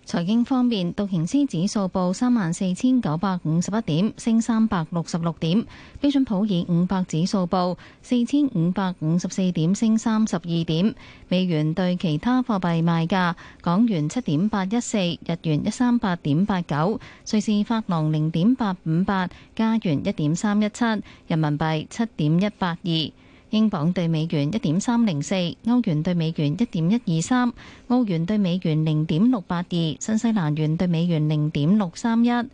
S10: 財經方面，道瓊斯指數報三萬四千九百五十一點，升三百六十六點；標準普爾五百指數報四千五百五十四點，升三十二點。美元兌其他貨幣賣價，港元七點八一四，日元一三八點八九，瑞士法郎零點八五八，加元一點三一七，人民幣七點一八二。英鎊對美元一點三零四，歐元對美元一點一二三，澳元對美元零點六八二，新西蘭元對美元零點六三一。倫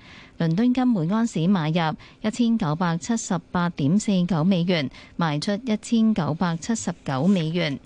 S10: 敦金每安士買入一千九百七十八點四九美元，賣出一千九百七十九美元。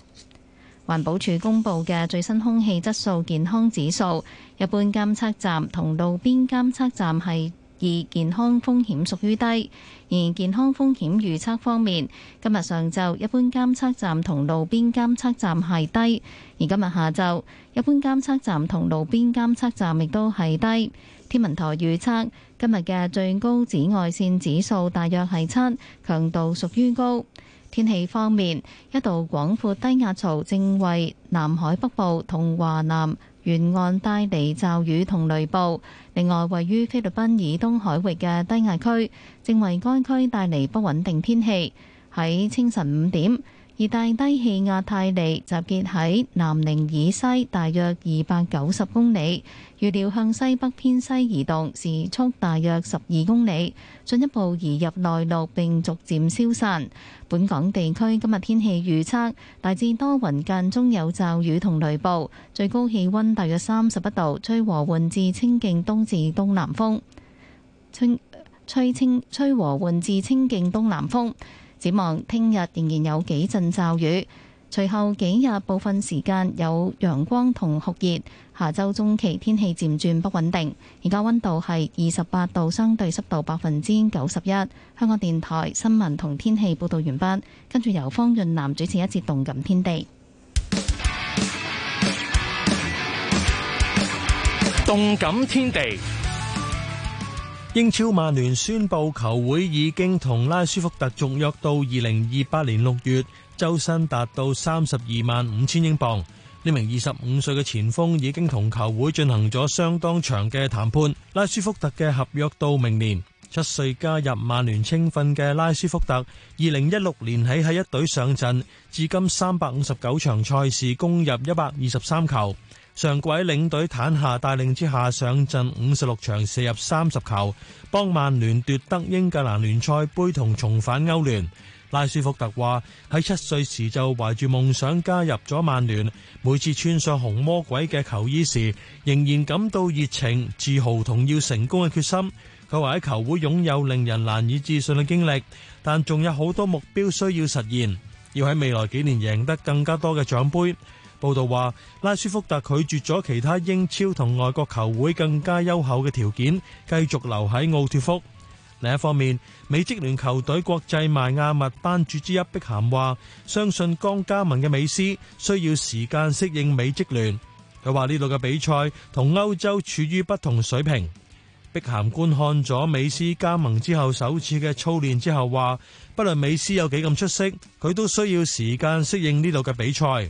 S10: 環保署公布嘅最新空氣質素健康指數，一般監測站同路邊監測站係。而健康風險屬於低，而健康風險預測方面，今日上晝一般監測站同路邊監測站係低，而今日下晝一般監測站同路邊監測站亦都係低。天文台預測今日嘅最高紫外線指數大約係七，強度屬於高。天氣方面，一道廣闊低壓槽正為南海北部同華南。沿岸帶嚟驟雨同雷暴，另外位於菲律賓以東海域嘅低壓區，正為該區帶嚟不穩定天氣，喺清晨五點。而大低氣壓泰利集結喺南寧以西大約二百九十公里，預料向西北偏西移動，時速大約十二公里，進一步移入內陸並逐漸消散。本港地區今日天氣預測大致多雲，間中有驟雨同雷暴，最高氣溫大約三十一度，吹和緩至清勁東至東南風，吹，吹清吹和緩至清勁東南風。展望聽日仍然有幾陣驟雨，隨後幾日部分時間有陽光同酷熱，下周中期天氣漸轉不穩定。而家溫度係二十八度，相對濕度百分之九十一。香港電台新聞同天氣報道完畢，跟住由方潤南主持一節《動感天地》。
S2: 《動感天地》英超曼聯宣佈球會已經同拉舒福特續約到二零二八年六月，周薪達到三十二萬五千英鎊。呢名二十五歲嘅前鋒已經同球會進行咗相當長嘅談判。拉舒福特嘅合約到明年。七歲加入曼聯青訓嘅拉舒福特，二零一六年起喺一隊上陣，至今三百五十九場賽事攻入一百二十三球。上季領隊坦夏帶領之下上陣五十六場，射入三十球，幫曼聯奪得英格蘭聯賽盃同重返歐聯。拉舒福特話：喺七歲時就懷住夢想加入咗曼聯，每次穿上紅魔鬼嘅球衣時，仍然感到熱情、自豪同要成功嘅決心。佢話喺球會擁有令人難以置信嘅經歷，但仲有好多目標需要實現，要喺未來幾年贏得更加多嘅獎盃。報道話，拉舒福特拒絕咗其他英超同外國球會更加優厚嘅條件，繼續留喺奧脫福。另一方面，美職聯球隊國際邁阿密班主之一碧咸話，相信剛加盟嘅美斯需要時間適應美職聯。佢話呢度嘅比賽同歐洲處於不同水平。碧咸觀看咗美斯加盟之後首次嘅操練之後，話不論美斯有幾咁出色，佢都需要時間適應呢度嘅比賽。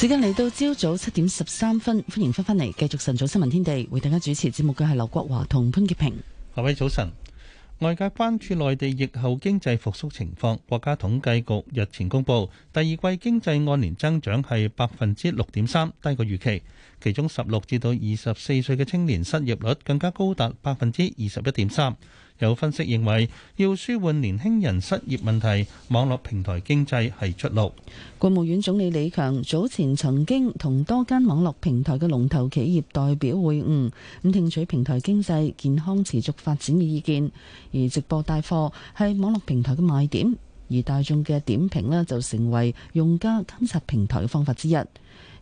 S3: 時間嚟到朝早七點十三分，歡迎翻返嚟，繼續晨早新聞天地，為大家主持節目嘅係劉國華同潘潔平。
S4: 各位早晨，外界關注內地疫後經濟復蘇情況。國家統計局日前公布，第二季經濟按年增長係百分之六點三，低過預期。其中十六至到二十四歲嘅青年失業率更加高達百分之二十一點三。有分析認為，要舒緩年輕人失業問題，網絡平台經濟係出路。
S3: 國務院總理李強早前曾經同多間網絡平台嘅龍頭企業代表會晤，咁聽取平台經濟健康持續發展嘅意見。而直播帶貨係網絡平台嘅賣點，而大眾嘅點評咧就成為用家監察平台嘅方法之一。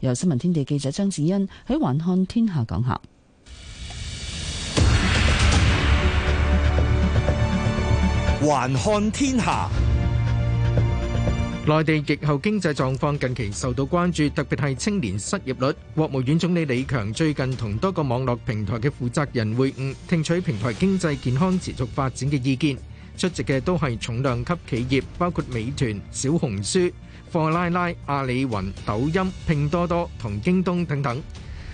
S3: 由新聞天地記者張子欣喺環看天下
S7: 講下。環看天下，內地疫後經濟狀況近期受到關注，特別係青年失業率。國務院總理李強最近同多個網絡平台嘅負責人會晤，聽取平台經濟健康持續發展嘅意見。出席嘅都係重量級企業，包括美團、小紅書、貨拉拉、阿里雲、抖音、拼多多同京東等等。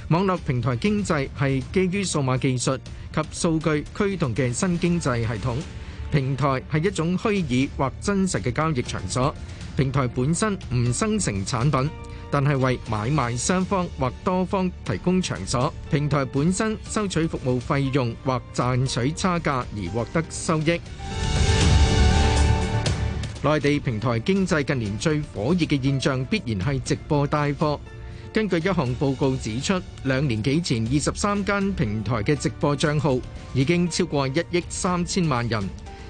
S7: 網絡平台經濟係基於數碼技術及數據驅動嘅新經濟系統。平台係一種虛擬或真實嘅交易場所，平台本身唔生成產品，但係為買賣雙方或多方提供場所。平台本身收取服務費用或賺取差價而獲得收益。內地平台經濟近年最火熱嘅現象，必然係直播帶貨。根據一項報告指出，兩年幾前二十三間平台嘅直播帳號已經超過一億三千萬人。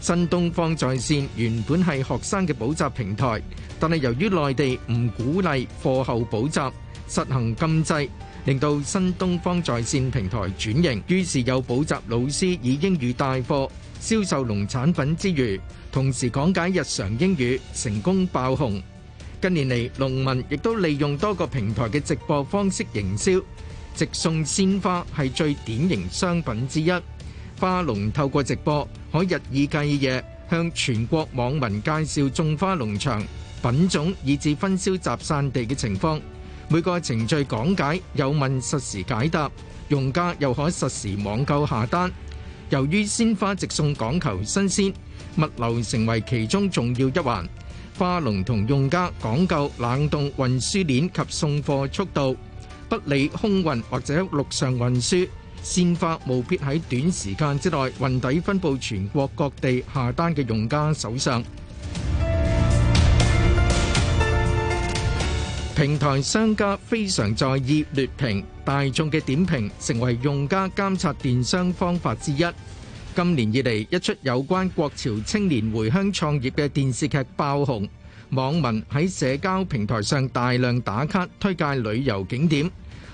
S7: 新東方在線原本係學生嘅補習平台，但係由於內地唔鼓勵課後補習，實行禁制，令到新東方在線平台轉型。於是有補習老師以英語帶貨、銷售農產品之餘，同時講解日常英語，成功爆紅。近年嚟，農民亦都利用多個平台嘅直播方式營銷，直送鮮花係最典型商品之一。花農透過直播，可日以繼夜向全國網民介紹種花農場、品種以至分銷集散地嘅情況。每個程序講解有問實時解答，用家又可實時網購下單。由於鮮花直送講求新鮮，物流成為其中重要一環。花農同用家講究冷凍運輸鏈及送貨速度，不理空運或者陸上運輸。鮮花務必喺短時間之內，運抵分佈全國各地，下單嘅用家手上。平台商家非常在意劣評，大眾嘅點評成為用家監察電商方法之一。今年以來，一出有關國潮青年回鄉創業嘅電視劇爆紅，網民喺社交平台上大量打卡推介旅遊景點。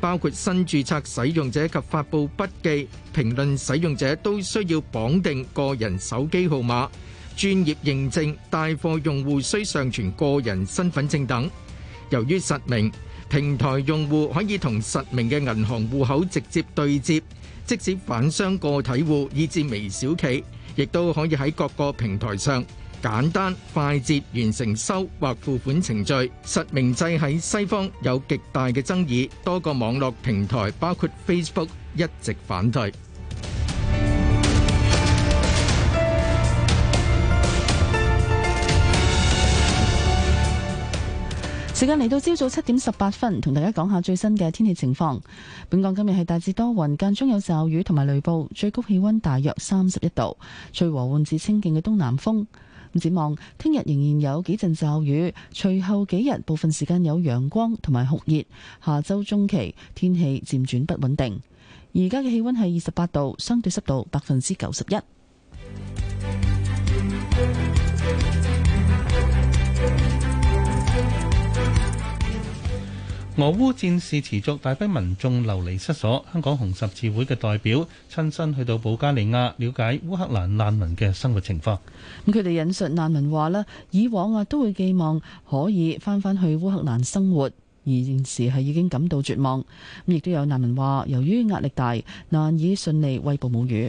S7: 包括新註冊使用者及發布筆記、評論使用者都需要綁定個人手機號碼、專業認證、帶貨用戶需上傳個人身份證等。由於實名，平台用戶可以同實名嘅銀行戶口直接對接，即使反商、個體戶以至微小企，亦都可以喺各個平台上。簡單快捷完成收或付款程序。實名制喺西方有極大嘅爭議，多個網絡平台包括 Facebook 一直反對。
S3: 時間嚟到朝早七點十八分，同大家講下最新嘅天氣情況。本港今日係大致多雲，間中有驟雨同埋雷暴，最高氣溫大約三十一度，隨和緩至清勁嘅東南風。展望聽日仍然有幾陣驟雨，隨後幾日部分時間有陽光同埋酷熱。下周中期天氣漸轉不穩定。而家嘅氣溫係二十八度，相對濕度百分之九十一。
S4: 俄烏戰事持續，大批民眾流離失所。香港紅十字會嘅代表親身去到保加利亞，了解烏克蘭難民嘅生活情
S3: 況。咁佢哋引述難民話啦，以往啊都會寄望可以翻返去烏克蘭生活，而現時係已經感到絕望。咁亦都有難民話，由於壓力大，難以順利餵哺母乳。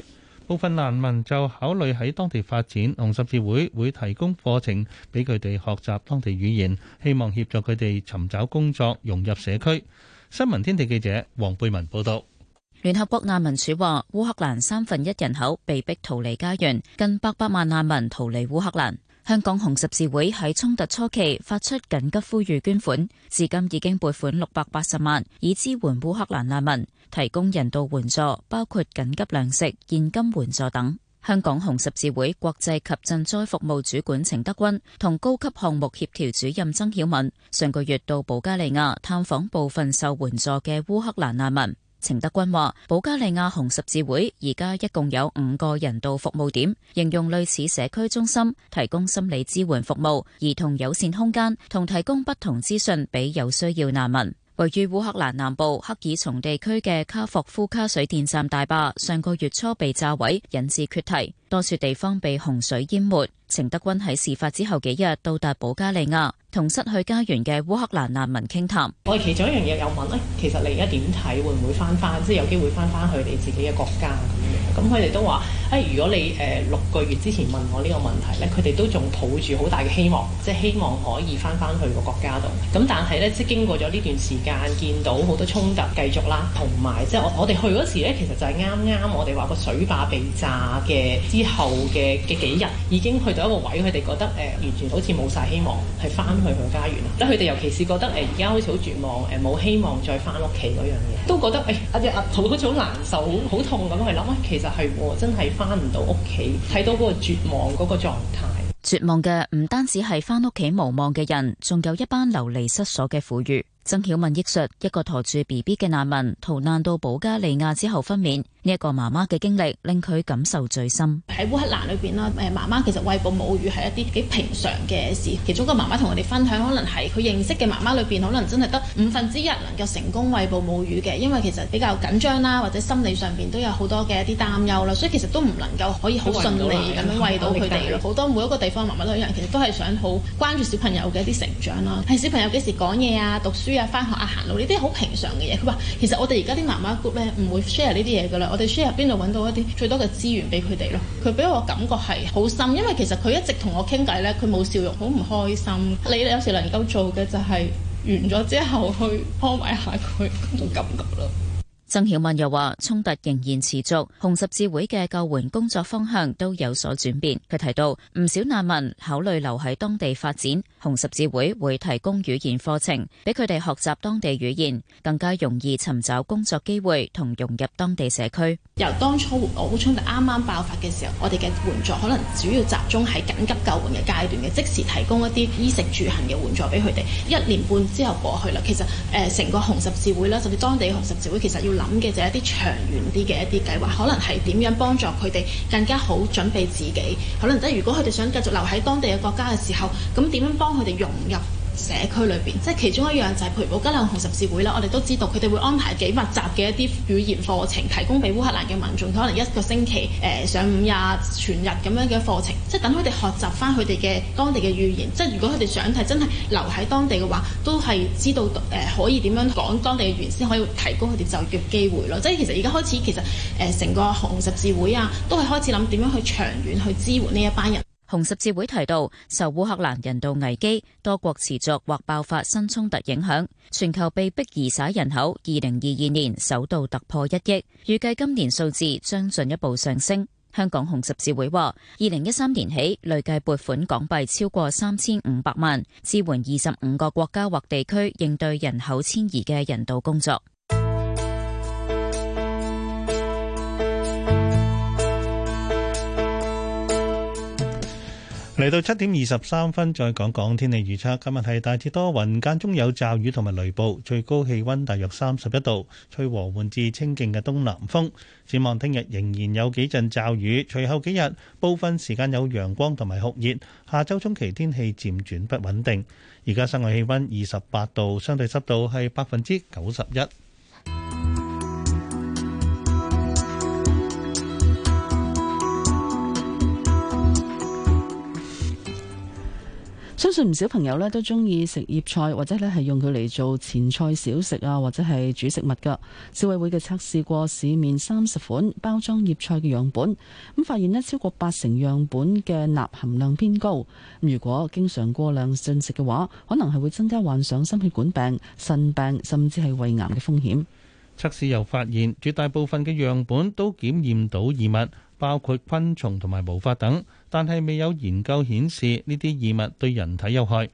S4: 部分難民就考慮喺當地發展，紅十字會會,會提供課程俾佢哋學習當地語言，希望協助佢哋尋找工作，融入社區。新聞天地記者黃貝文報道。
S13: 聯合國難民署話，烏克蘭三分一人口被逼逃離家園，近百,百萬難民逃離烏克蘭。香港紅十字會喺衝突初期發出緊急呼籲捐款，至今已經撥款六百八十萬，以支援烏克蘭難民，提供人道援助，包括緊急糧食、現金援助等。香港紅十字會國際及賑災服務主管程德軍同高級項目協調主任曾曉敏上個月到保加利亞探訪部分受援助嘅烏克蘭難民。程德君話：保加利亞紅十字會而家一共有五個人道服務點，形容類似社區中心，提供心理支援服務、兒童友善空間，同提供不同資訊俾有需要難民。位於烏克蘭南部克爾松地區嘅卡霍夫卡水電站大壩上個月初被炸毀，引致決堤，多處地方被洪水淹沒。程德軍喺事發之後幾日到達保加利亞，同失去家園嘅烏克蘭難民傾談。我哋其中一樣嘢有問咧，其實你而家點睇，會唔會翻翻，即係有機會
S14: 翻翻去你自己嘅國家？咁佢哋都話，誒，如果你誒、呃、六個月之前問我呢個問題呢，佢哋都仲抱住好大嘅希望，即係希望可以翻翻去個國家度。咁但係呢，即係經過咗呢段時間，見到好多衝突繼續啦，同埋即係我我哋去嗰時咧，其實就係啱啱我哋話個水壩被炸嘅之後嘅嘅幾日，已經去到一個位，佢哋覺得誒、呃、完全好似冇晒希望，係翻去佢家園啊！佢哋尤其是覺得誒而家好似好絕望，誒、呃、冇希望再翻屋企嗰樣嘢，都覺得誒、哎、阿只阿婆好似好難受，好痛咁，去諗啊，其實係真係翻唔到屋企，睇到嗰個絕望嗰
S13: 個狀態。絕望嘅唔單止係翻屋企無望嘅人，仲有一班流離失所嘅婦孺。曾曉文憶述：一個馱住 B B 嘅難民逃難到保加利亞之後分娩。呢、這、一個媽媽嘅經歷令佢感受最深。
S14: 喺烏克蘭裏邊啦，誒，媽媽其實餵哺母、母乳係一啲幾平常嘅事。其中一個媽媽同我哋分享，可能係佢認識嘅媽媽裏邊，可能真係得五分之一能夠成功餵哺母、母乳嘅，因為其實比較緊張啦，或者心理上邊都有好多嘅一啲擔憂啦，所以其實都唔能夠可以好順利咁樣餵到佢哋。好多每一個地方媽媽都一樣，其實都係想好關注小朋友嘅一啲成長啦，係小朋友幾時講嘢啊，讀書。讀書啊！翻學啊！行路呢啲好平常嘅嘢。佢話：其實我哋而家啲媽媽 group 咧，唔會 share 呢啲嘢噶啦。我哋 share 邊度揾到一啲最多嘅資源俾佢哋咯。佢俾我感覺係好深，因為其實佢一直同我傾偈咧，佢冇笑容，好唔開心。你有時能夠做嘅就係
S13: 完咗之後去安慰下佢嗰種感覺咯。曾曉敏又話：衝突仍然持續，紅十字會嘅救援工作方向都有所轉變。佢提到，唔少難民考慮留喺當地發展，紅十字會會提供語言課程，俾佢哋學習當地語言，更加容易尋找工作機會同融入當地社區。
S14: 由當初我衝突啱啱爆發嘅時候，
S13: 我哋嘅援助可能主要集
S14: 中喺緊急救援嘅階段嘅，即時提供一啲衣食住行嘅援助俾佢哋。一年半之後過去啦，其實誒成個紅十字會啦，甚至當地紅十字會其實要。諗嘅就係一啲長遠啲嘅一啲計劃，可能係點樣幫助佢哋更加好準備自己，可能即係如果佢哋想繼續留喺當地嘅國家嘅時候，咁點樣幫佢哋融入？社區裏邊，即係其中一樣就係培補吉隆紅十字會啦。我哋都知道佢哋會安排幾密集嘅一啲語言課程，提供俾烏克蘭嘅民眾，可能一個星期誒、呃、上五日全日咁樣嘅課程，即係等佢哋學習翻佢哋嘅當地嘅語言。即係如果佢哋想係真係留喺當地嘅話，都係知道誒、呃、可以點樣講當地嘅語言，先可以提高佢哋就業機會咯。即係其實而家開
S13: 始，其實誒成個紅十字會啊，都係開始諗點樣去長遠去支援呢一班人。紅十字會提到，受烏克蘭人道危機、多國持續或爆發新衝突影響，全球被逼移徙人口二零二二年首度突破一億，預計今年數字將進一步上升。香港紅十字會話，二零一三年起累計撥款港幣超過三千五百萬，支援二十五個國家或地區應對人口遷移嘅人道工作。
S4: 嚟到七點二十三分，再講講天氣預測。今日係大致多雲，間中有驟雨同埋雷暴，最高氣溫大約三十一度，吹和緩至清勁嘅東南風。展望聽日仍然有幾陣驟雨，隨後幾日部分時間有陽光同埋酷熱。下周中期天氣漸轉不穩定。而家室外氣溫二十八度，相對濕度係百分之九十一。
S3: 相信唔少朋友咧都中意食醃菜，或者咧係用佢嚟做前菜小食啊，或者係煮食物噶。消委會嘅測試過市面三十款包裝醃菜嘅樣本，咁發現咧超過八成樣本嘅鈉含量偏高。如果經常過量進食嘅話，可能係會增加患上心血管病、腎病，甚至係胃癌嘅風險。
S4: 測試又發現，絕大部分嘅樣本都檢驗到異物。包括昆蟲同埋毛髮等，但係未有研究顯示呢啲異物對人體有害。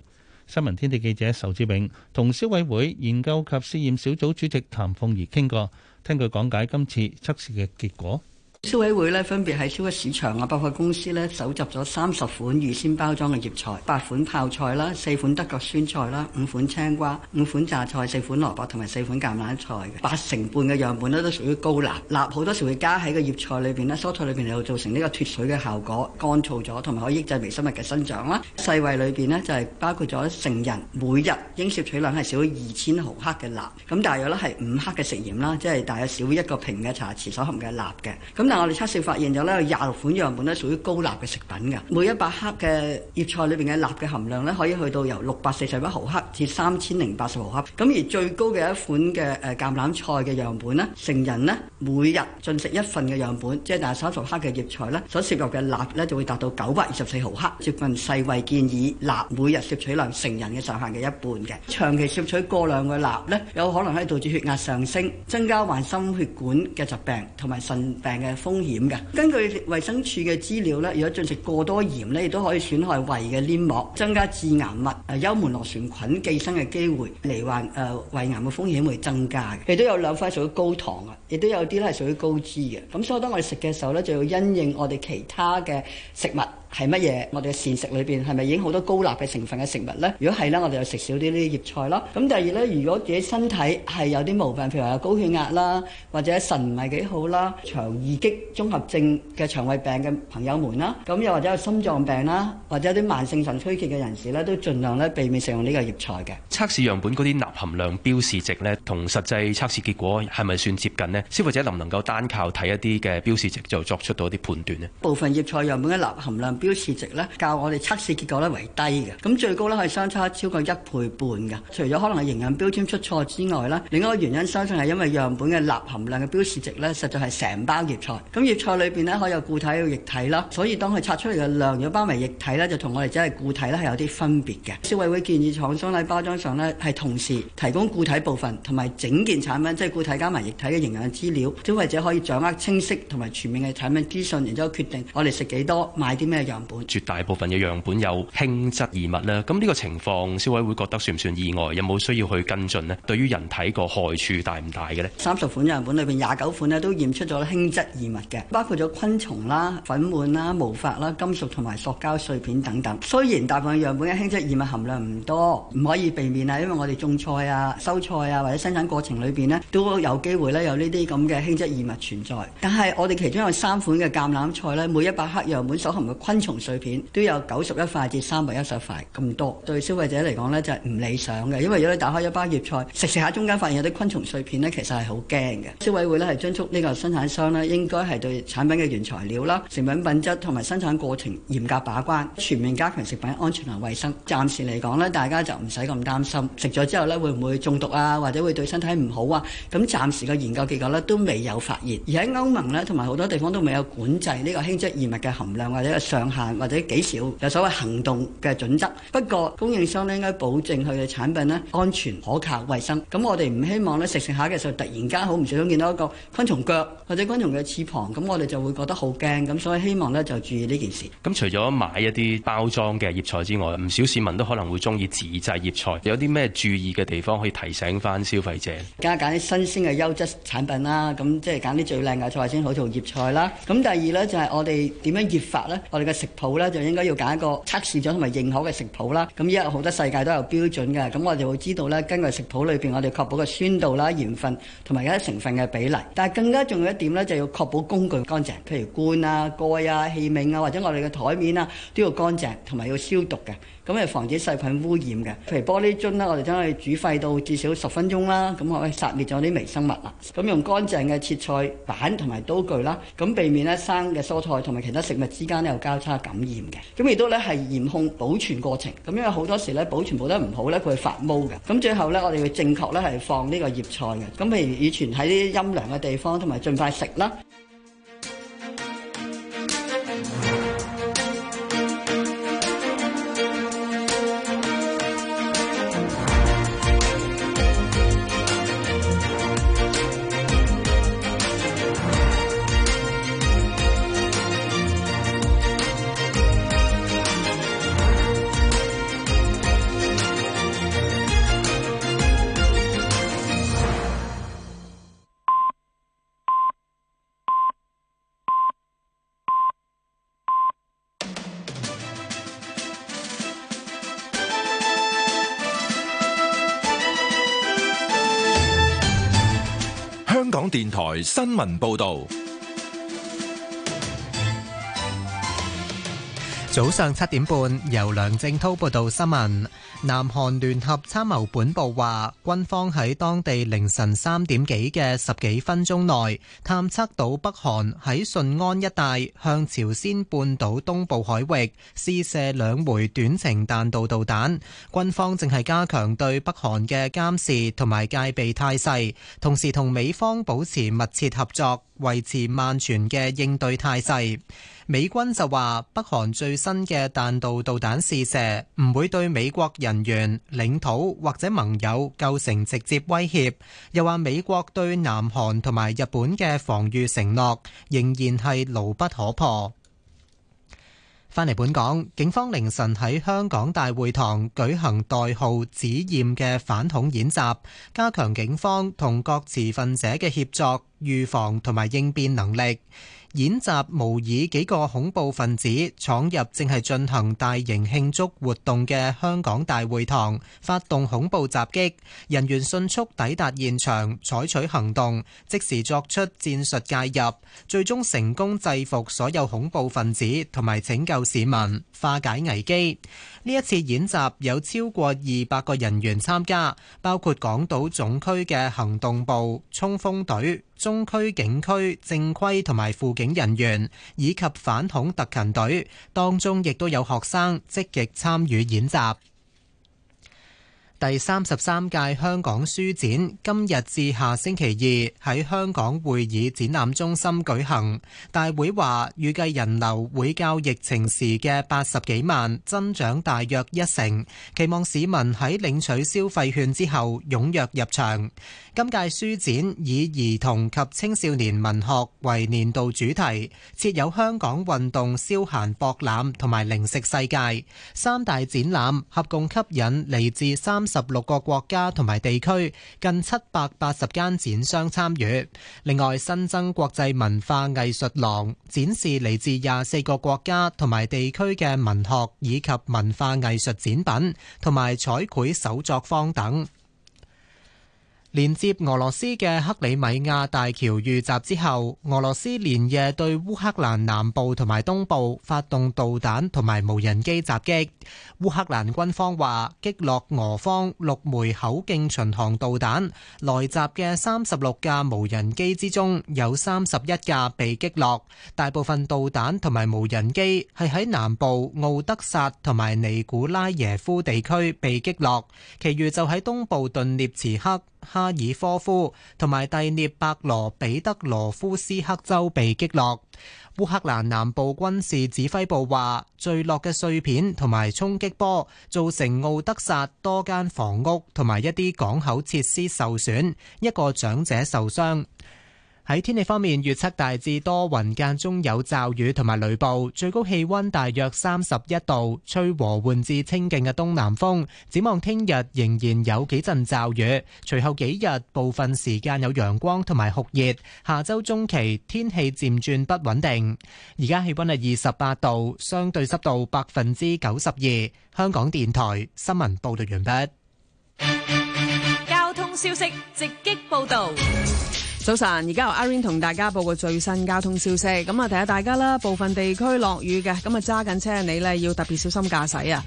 S4: 新聞天地記者仇志榮同消委會研究及試驗小組主席譚鳳儀傾過，聽佢講解今次測試嘅結果。
S15: 消委會咧分別喺超級市場啊、百貨公司咧蒐集咗三十款預先包裝嘅醃菜，八款泡菜啦、四款德國酸菜啦、五款青瓜、五款榨菜、四款蘿蔔同埋四款橄欖菜嘅。八成半嘅樣本咧都屬於高鈉。鈉好多時會加喺個醃菜裏邊咧，蔬菜裏邊嚟造成呢個脱水嘅效果，乾燥咗同埋可以抑制微生物嘅生長啦。世衛裏邊咧就係包括咗成人每日應攝取量係少於二千毫克嘅鈉。咁大約咧係五克嘅食鹽啦，即、就、係、是、大約少於一個平嘅茶匙所含嘅鈉嘅，咁我哋測試發現咗咧，廿六款樣本呢屬於高鈉嘅食品㗎。每一百克嘅葉菜裏邊嘅鈉嘅含量呢，可以去到由六百四十一毫克至三千零八十毫克。咁而最高嘅一款嘅誒橄欖菜嘅樣本呢，成人呢每日進食一份嘅樣本，即係三十克嘅葉菜呢，所攝入嘅鈉呢就會達到九百二十四毫克，接近世衛建議鈉每日攝取量成人嘅上限嘅一半嘅。長期攝取過量嘅鈉呢，有可能可以導致血壓上升，增加患心血管嘅疾病同埋腎病嘅。風險嘅，根據衞生處嘅資料咧，如果進食過多鹽咧，亦都可以損害胃嘅黏膜，增加致癌物誒幽門螺旋菌寄生嘅機會，罹患誒、呃、胃癌嘅風險會增加嘅。亦都有兩塊屬於高糖嘅，亦都有啲咧係屬於高脂嘅。咁所以當我哋食嘅時候咧，就要因應我哋其他嘅食物。係乜嘢？我哋嘅膳食裏邊係咪已經好多高鈉嘅成分嘅食物咧？如果係咧，我哋就食少啲呢啲葉菜咯。咁、嗯、第二咧，如果自己身體係有啲毛病，譬如話有高血壓啦，或者腎唔係幾好啦，腸易激綜合症嘅腸胃病嘅朋友們啦，咁又或者有心臟病啦，或者有啲慢性腎衰竭嘅人士咧，都儘量咧避免食用呢個葉菜嘅。
S9: 測試樣本嗰啲鈉含量標示值咧，同實際測試結果係咪算接近呢？消費者能唔能夠單靠睇一啲嘅標示值就作出到一啲判斷呢？
S15: 部分葉菜樣本嘅鈉含量，標示值咧，較我哋測試結果咧為低嘅，咁最高咧係相差超過一倍半嘅。除咗可能係營養標籤出錯之外咧，另一個原因相信係因為樣本嘅鈉含量嘅標示值咧，實在係成包葉菜。咁葉菜裏邊咧可以有固體有液體啦，所以當佢拆出嚟嘅量，如果包埋液體咧，就同我哋即係固體咧係有啲分別嘅。消委會建議廠商喺包裝上咧係同時提供固體部分同埋整件產品，即係固體加埋液體嘅營養資料，消費者可以掌握清晰同埋全面嘅產品資訊，然之後決定我哋食幾多、買啲咩。樣本
S3: 絕
S9: 大部分嘅樣本有輕質異物咧，咁呢個情況消委會覺得算唔算意外？有冇需要去跟進呢？對於人體個害處大唔大嘅呢？
S15: 三十款樣本裏邊廿九款咧都驗出咗輕質異物嘅，包括咗昆蟲啦、粉末啦、毛髮啦、金屬同埋塑膠碎片等等。雖然大部分嘅樣本嘅輕質異物含量唔多，唔可以避免啊，因為我哋種菜啊、收菜啊或者生產過程裏邊呢，都有機會咧有呢啲咁嘅輕質異物存在。但係我哋其中有三款嘅橄欖菜咧，每一百克樣本所含嘅昆昆蟲碎片都有九十一塊至三百一十塊咁多，對消費者嚟講呢就係唔理想嘅。因為如果你打開一包葉菜，食食下中間發現有啲昆蟲碎片呢，其實係好驚嘅。消委會呢係敦促呢個生產商呢應該係對產品嘅原材料啦、成品品質同埋生產過程嚴格把關，全面加強食品安全同衛生。暫時嚟講呢，大家就唔使咁擔心，食咗之後呢會唔會中毒啊，或者會對身體唔好啊？咁暫時嘅研究結果呢都未有發現，而喺歐盟呢，同埋好多地方都未有管制呢個輕質異物嘅含量或者上。限或者幾少有所謂行動嘅準則，不過供應商咧應該保證佢嘅產品咧安全可靠、衛生。咁我哋唔希望咧食食下嘅時候突然間好唔小心見到一個昆蟲腳或者昆蟲嘅翅膀，咁我哋就會覺得好驚。咁所以希望呢就注意呢件事。
S9: 咁、嗯、除咗買一啲包裝嘅醃菜之外，唔少市民都可能會中意自製醃菜。有啲咩注意嘅地方可以提醒翻消費者？
S15: 梗係揀啲新鮮嘅優質產品啦，咁即係揀啲最靚嘅菜先好做醃菜啦。咁第二呢，就係、是、我哋點樣醃法呢？我哋嘅食譜咧就應該要揀一個測試咗同埋認可嘅食譜啦。咁依家好多世界都有標準嘅，咁我哋會知道咧，根據食譜裏邊我哋確保個酸度啦、鹽分同埋一啲成分嘅比例。但係更加重要一點咧，就要確保工具乾淨，譬如罐啊、蓋啊、器皿啊或者我哋嘅台面啊都要乾淨同埋要消毒嘅，咁係防止細菌污染嘅。譬如玻璃樽啦，我哋將佢煮沸到至少十分鐘啦，咁我咧殺滅咗啲微生物啦。咁用乾淨嘅切菜板同埋刀具啦，咁避免咧生嘅蔬菜同埋其他食物之間咧有交。佢感染嘅，咁亦都咧係嚴控保存過程，咁因為好多時咧保存保得唔好咧，佢會發毛嘅，咁最後咧我哋要正確咧係放呢個葉菜嘅，咁譬如以前喺啲陰涼嘅地方，同埋盡快食啦。
S2: 新聞報道。
S1: 早上七點半，由梁正濤報道新聞。南韓聯合參謀本部話，軍方喺當地凌晨三點幾嘅十幾分鐘內，探測到北韓喺順安一帶向朝鮮半島東部海域試射兩枚短程彈道導彈。軍方正係加強對北韓嘅監視同埋戒備態勢，同時同美方保持密切合作。維持萬全嘅應對態勢。美軍就話，北韓最新嘅彈道導彈試射唔會對美國人員、領土或者盟友構成直接威脅，又話美國對南韓同埋日本嘅防禦承諾仍然係牢不可破。返嚟本港，警方凌晨喺香港大會堂舉行代號止驗嘅反恐演習，加強警方同各持份者嘅協作、預防同埋應變能力。演習模擬幾個恐怖分子闖入正係進行大型慶祝活動嘅香港大會堂，發動恐怖襲擊。人員迅速抵達現場，採取行動，即時作出戰術介入，最終成功制服所有恐怖分子同埋拯救市民，化解危機。呢一次演習有超過二百個人員參加，包括港島總區嘅行動部衝鋒隊。中區警區正規同埋輔警人員，以及反恐特勤隊，當中亦都有學生積極參與演習。第三十三屆香港書展今日至下星期二喺香港會議展覽中心舉行。大會話預計人流會較疫情時嘅八十幾萬增長大約一成，期望市民喺領取消費券之後踴躍入場。今屆書展以兒童及青少年文學為年度主題，設有香港運動消閒博覽同埋零食世界三大展覽，合共吸引嚟自三。十六個國家同埋地區近七百八十間展商參與，另外新增國際文化藝術廊，展示嚟自廿四個國家同埋地區嘅文學以及文化藝術展品，同埋彩繪手作坊等。連接俄羅斯嘅克里米亞大橋遇襲之後，俄羅斯連夜對烏克蘭南部同埋東部發動導彈同埋無人機襲擊。烏克蘭軍方話擊落俄方六枚口徑巡航導彈，來襲嘅三十六架無人機之中有三十一架被擊落。大部分導彈同埋無人機係喺南部奧德薩同埋尼古拉耶夫地區被擊落，其餘就喺東部頓涅茨克哈爾科夫同埋第涅伯羅彼得羅夫斯克州被擊落。烏克蘭南部軍事指揮部話，墜落嘅碎片同埋衝擊波造成奧德薩多間房屋同埋一啲港口設施受損，一個長者受傷。喺天氣方面，預測大致多雲間中有驟雨同埋雷暴，最高氣溫大約三十一度，吹和緩至清勁嘅東南風。展望聽日仍然有幾陣驟雨，隨後幾日部分時間有陽光同埋酷熱。下周中期天氣漸轉不穩定。而家氣溫係二十八度，相對濕度百分之九十二。香港電台新聞報道完畢。
S11: 交通消息直擊報道。早晨，而家由 Irene 同大家報個最新交通消息。咁啊，提下大家啦，部分地區落雨嘅，咁啊揸緊車嘅你咧要特別小心駕駛啊！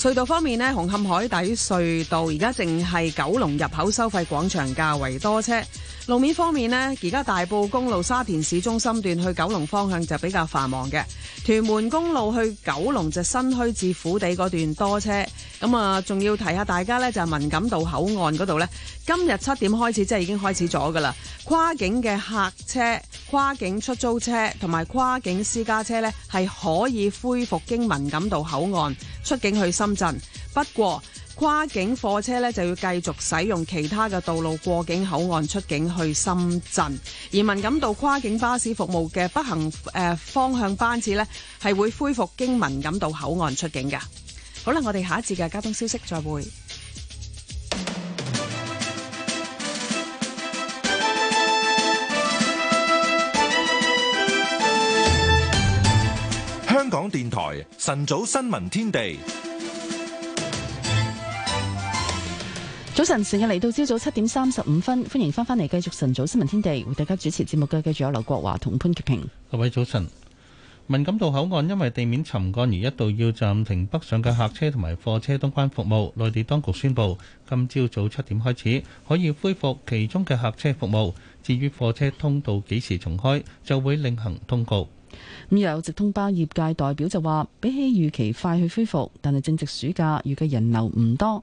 S11: 隧道方面咧，紅磡海底隧道而家淨係九龍入口收費廣場較為多車。路面方面咧，而家大埔公路沙田市中心段去九龍方向就比較繁忙嘅。屯門公路去九龍就新墟至府地段多車。咁啊，仲要提下大家咧，就係文錦道口岸度咧，今日七點開始，即係已經開始咗噶啦。跨境嘅客車、跨境出租車同埋跨境私家車咧，係可以恢復經文錦道口岸出境去深。深圳。不過跨境貨車咧就要繼續使用其他嘅道路過境口岸出境去深圳。而文錦道跨境巴士服務嘅北行誒，方向班次咧係會恢復經文錦道口岸出境嘅。好啦，我哋下一次嘅交通消息再會。
S2: 香港電台晨早新聞天地。
S3: 早晨，時間嚟到，朝早七點三十五分，歡迎翻返嚟繼續晨早新聞天地，同大家主持節目嘅，繼續有劉國華同潘潔平。
S4: 各位早晨，文錦渡口岸因為地面沉降而一度要暫停北上嘅客車同埋貨車通關服務，內地當局宣布今朝早七點開始可以恢復其中嘅客車服務，至於貨車通道幾時重開，就會另行通告。
S3: 咁有直通巴業界代表就話，比起預期快去恢復，但係正值暑假，預計人流唔多。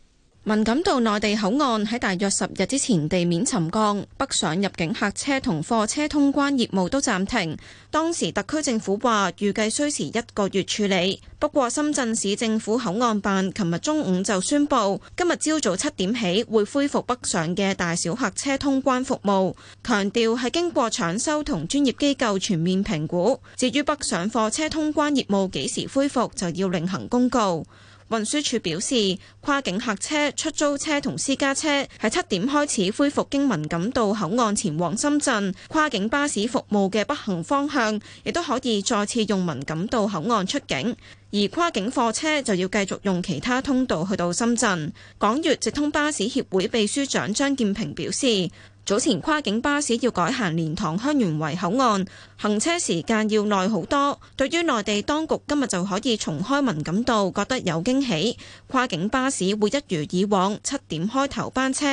S16: 文錦渡內地口岸喺大約十日之前地面沉降，北上入境客車同貨車通關業務都暫停。當時特區政府話預計需時一個月處理。不過深圳市政府口岸辦琴日中午就宣布，今日朝早七點起會恢復北上嘅大小客車通關服務，強調係經過搶修同專業機構全面評估。至於北上貨車通關業務幾時恢復，就要另行公告。運輸署表示，跨境客車、出租車同私家車喺七點開始恢復經文錦渡口岸前往深圳跨境巴士服務嘅北行方向，亦都可以再次用文錦渡口岸出境，而跨境貨車就要繼續用其他通道去到深圳。港粵直通巴士協會秘書長張建平表示。早前跨境巴士要改行蓮塘香園圍口岸，行車時間要耐好多。對於內地當局今日就可以重開文錦道，覺得有驚喜。跨境巴士會一如以往七點開頭班車，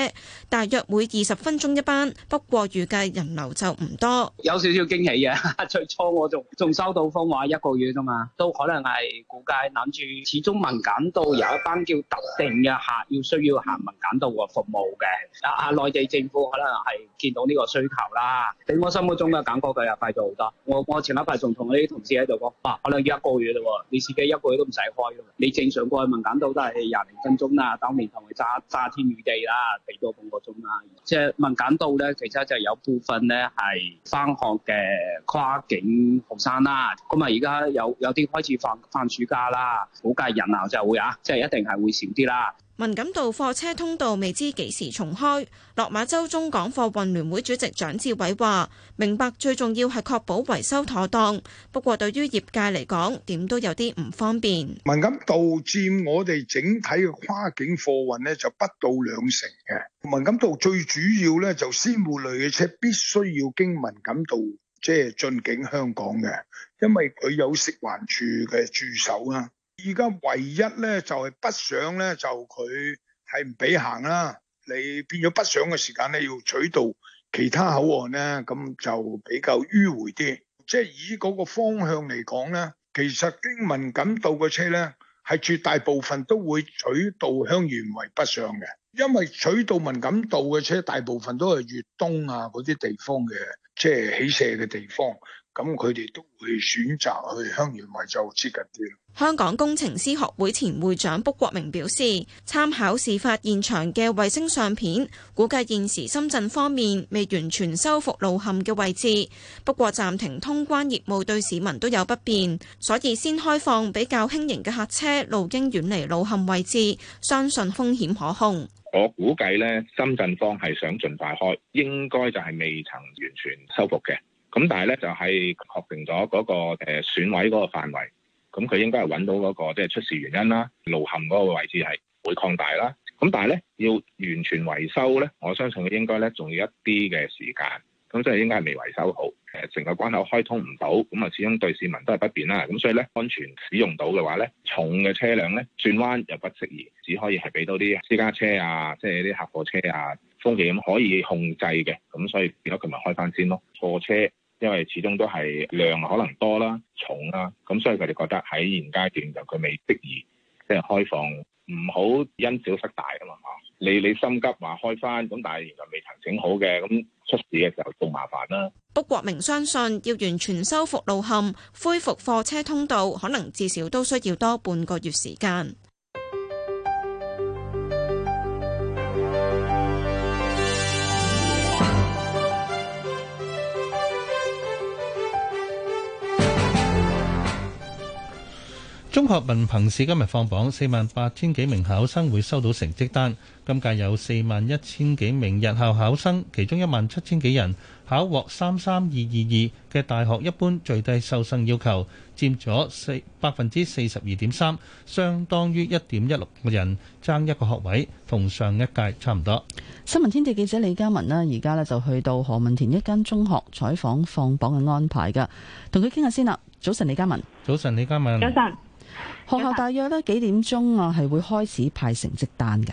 S16: 大約每二十分鐘一班。不過預計人流就唔多，
S12: 有少少驚喜嘅。最初我仲仲收到風話一個月啫嘛，都可能係估計諗住始終文錦道有一班叫特定嘅客要需要行文錦道服務嘅。啊啊！內地政府可能。係見到呢個需求啦，喺我心目中，嘅感覺，佢又快咗好多。我我前一排仲同啲同事喺度講，哇、啊，可能要一個月嘞喎，你自己一個月都唔使開咯。你正常過去文錦渡都係廿零分鐘啦，當年同佢揸揸天宇地啦，畀
S13: 多半個鐘啦。
S12: 即係文錦渡咧，其實就係有部分咧係返學嘅跨境學生啦。咁啊，而家有有啲開始放放暑假啦，估計人流就會嚇、啊，即係一定係會少啲啦。
S16: 文錦渡貨車通道未知幾時重開？落馬洲中港貨運聯會主席蔣志偉話：明白最重要係確保維修妥當，不過對於業界嚟講，點都有啲唔方便。
S17: 文錦渡佔我哋整體嘅跨境貨運呢，就不到兩成嘅。文錦渡最主要咧就絲毛類嘅車必須要經文錦渡即係進境香港嘅，因為佢有食環署嘅駐守啊。而家唯一咧就係北上咧，就佢係唔俾行啦。你變咗北上嘅時間咧，要取道其他口岸啦，咁就比較迂回啲。即係以嗰個方向嚟講咧，其實經文錦渡嘅車咧係絕大部分都會取道香園圍北上嘅，因為取道文錦渡嘅車大部分都係粵東啊嗰啲地方嘅，即係起卸嘅地方。咁佢哋都會選擇去香園圍，咪就接近啲。香港工
S16: 程師學會前會長卜國明表示，參考事發現場嘅衛星相片，估計現時深圳方面未完全修復路陷嘅位置。不過暫停通關業務對市民都有不便，所以先開放比較輕盈嘅客車，路經遠離路陷位置，相信風險可控。
S17: 我估計呢，
S9: 深圳方係想盡快開，應該就係未曾完全修復嘅。咁但係咧，就係確定咗嗰個誒損毀嗰個範圍，咁佢應該係揾到嗰個，即係出事原因啦。路陷嗰個位置係會擴大啦。咁但係咧，要完全維修咧，我相信佢應該咧仲要一啲嘅時間。咁即係應該係未維修好，誒成個關口開通唔到，咁啊始終對市民都係不便啦。咁所以咧，安全使用到嘅話咧，重嘅車輛咧轉彎又不適宜，只可以係俾到啲私家車啊，即係啲客貨車啊。風險可以控制嘅，咁所以變咗佢咪開翻先咯。貨車因為始終都係量可能多啦、重啦，咁所以佢哋覺得喺現階段就佢未適宜即係開放，唔好因小失大啊嘛！嚇，你你心急話開翻，咁但係原來未調整好嘅，咁出事嘅時候仲麻煩啦。
S16: 卜國明相信，要完全修復路陷、恢復貨車通道，可能至少都需要多半個月時間。
S4: 中學文憑試今日放榜，四萬八千幾名考生會收到成績單。今屆有四萬一千幾名日校考生，其中一萬七千幾人考獲三三二二二嘅大學一般最低收生要求，佔咗四百分之四十二點三，相當於一點一六個人爭一個學位，同上一屆差唔多。
S3: 新聞天地記者李嘉文呢，而家呢就去到何文田一間中學採訪放榜嘅安排噶，同佢傾下先啦。早晨，李嘉文。
S4: 早晨，李嘉文。早晨。
S3: 學校大約咧幾點鐘啊？係會開始派成績單噶。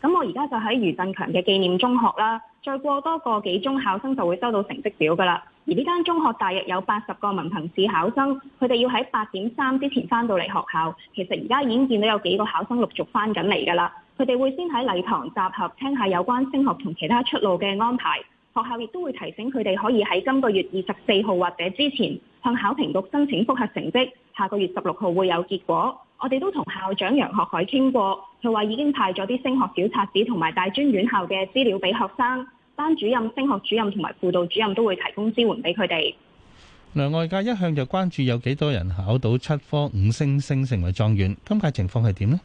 S18: 咁我而家就喺余振強嘅紀念中學啦。再過多個幾鐘，考生就會收到成績表噶啦。而呢間中學大約有八十個文憑試考生，佢哋要喺八點三之前翻到嚟學校。其實而家已經見到有幾個考生陸續翻緊嚟噶啦。佢哋會先喺禮堂集合，聽下有關升學同其他出路嘅安排。學校亦都會提醒佢哋可以喺今個月二十四號或者之前向考評局申請複核成績。下個月十六號會有結果，我哋都同校長楊學海傾過，佢話已經派咗啲升學小冊子同埋大專院校嘅資料俾學生，班主任、升學主任同埋輔導主任都會提供支援俾佢哋。
S4: 嗱，外界一向就關注有幾多人考到七科五星星成為狀元，今屆情況係點呢？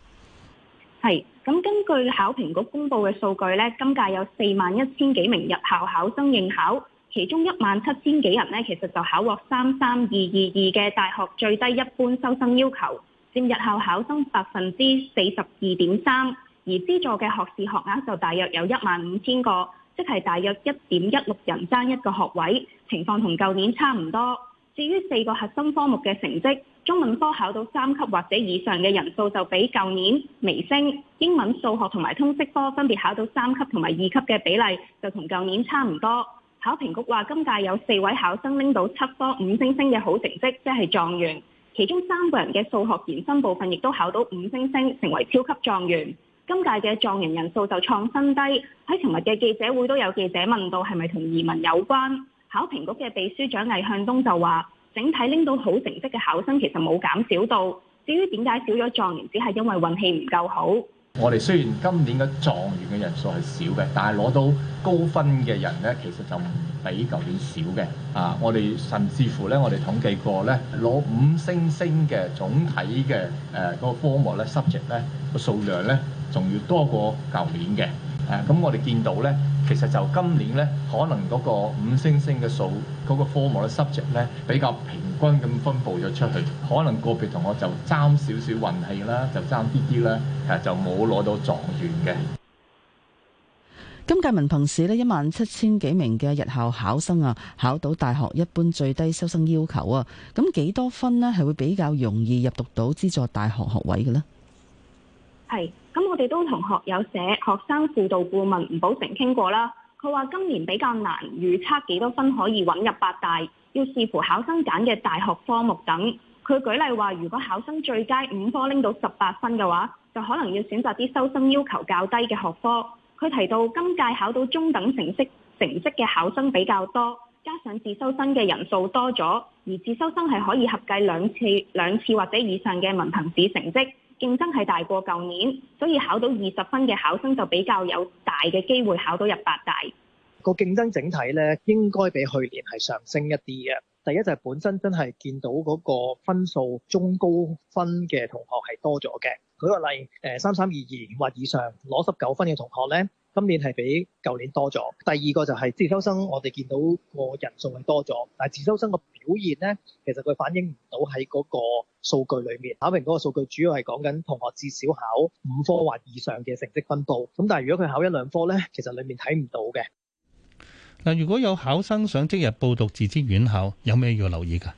S18: 係咁，根據考評局公布嘅數據咧，今屆有四萬一千幾名入校考生應考。其中一萬七千幾人呢，其實就考獲三三二二二嘅大學最低一般收生要求，佔日校考生百分之四十二點三，而資助嘅學士學額就大約有一萬五千個，即係大約一點一六人爭一個學位，情況同舊年差唔多。至於四個核心科目嘅成績，中文科考到三級或者以上嘅人數就比舊年微升，英文、數學同埋通識科分別考到三級同埋二級嘅比例就同舊年差唔多。考評局話，今屆有四位考生拎到七科五星星嘅好成績，即係狀元，其中三個人嘅數學延伸部分亦都考到五星星，成為超級狀元。今屆嘅狀元人數就創新低。喺尋日嘅記者會都有記者問到，係咪同移民有關？考評局嘅秘書長魏向東就話，整體拎到好成績嘅考生其實冇減少到，至於點解少咗狀元，只係因為運氣唔夠好。
S9: 我哋雖然今年嘅狀元嘅人數係少嘅，但係攞到高分嘅人呢，其實就唔比舊年少嘅啊！我哋甚至乎呢，我哋統計過呢，攞五星星嘅總體嘅誒、呃嗰個科目呢，subject 呢個數量呢，仲要多過舊年嘅。誒咁，嗯，我哋見到呢，其實就今年呢，可能嗰個五星星嘅數，嗰，嗰個科目嘅 subject 呢比較平均咁分布咗出去。可能個別同學就爭少少運氣啦，就爭啲啲啦，其實就冇攞到狀元嘅。
S3: 今屆文憑試呢，一萬七千幾名嘅日校考生啊，考到大學一般最低收生要求啊，咁幾多分呢？係會比較容易入讀到資助大學學位嘅呢。
S18: 係，咁我哋都同學友社學生輔導顧問吳寶成傾過啦。佢話今年比較難預測幾多分可以穩入八大，要視乎考生揀嘅大學科目等。佢舉例話，如果考生最佳五科拎到十八分嘅話，就可能要選擇啲收生要求較低嘅學科。佢提到今屆考到中等成績成績嘅考生比較多，加上自修生嘅人數多咗，而自修生係可以合計兩次兩次或者以上嘅文憑試成績。競爭係大過舊年，所以考到二十分嘅考生就比較有大嘅機會考到入八大。
S1: 個競爭整體咧，應該比去年係上升一啲嘅。第一就係本身真係見到嗰個分數中高分嘅同學係多咗嘅。舉個例，
S7: 誒三三
S1: 二二或以上攞十九分嘅同學咧。今年係比舊年多咗。第二個就係自修生，我哋見到個人數係多咗，但係自修生個表現呢，其實佢反映唔到喺嗰個數據裡面。考評嗰個數據主要係講緊同學至少考五科或以上嘅成績分佈。咁但係如果佢考一兩科呢，其實裡面睇唔到嘅。
S4: 嗱，如果有考生想即日報讀自資院校，有咩要留意㗎？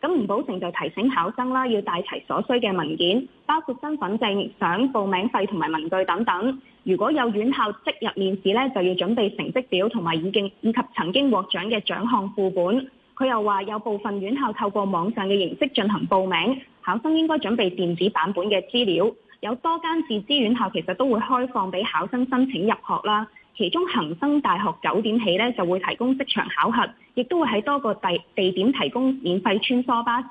S18: 咁唔保成就提醒考生啦，要帶齊所需嘅文件，包括身份證、相、報名費同埋文具等等。如果有院校即日面試呢，就要準備成績表同埋已經以及曾經獲獎嘅獎項副本。佢又話有部分院校透過網上嘅形式進行報名，考生應該準備電子版本嘅資料。有多間自資院校其實都會開放俾考生申請入學啦。其中恒生大學九點起呢，就會提供職場考核，亦都會喺多個地地點提供免費穿梭巴士。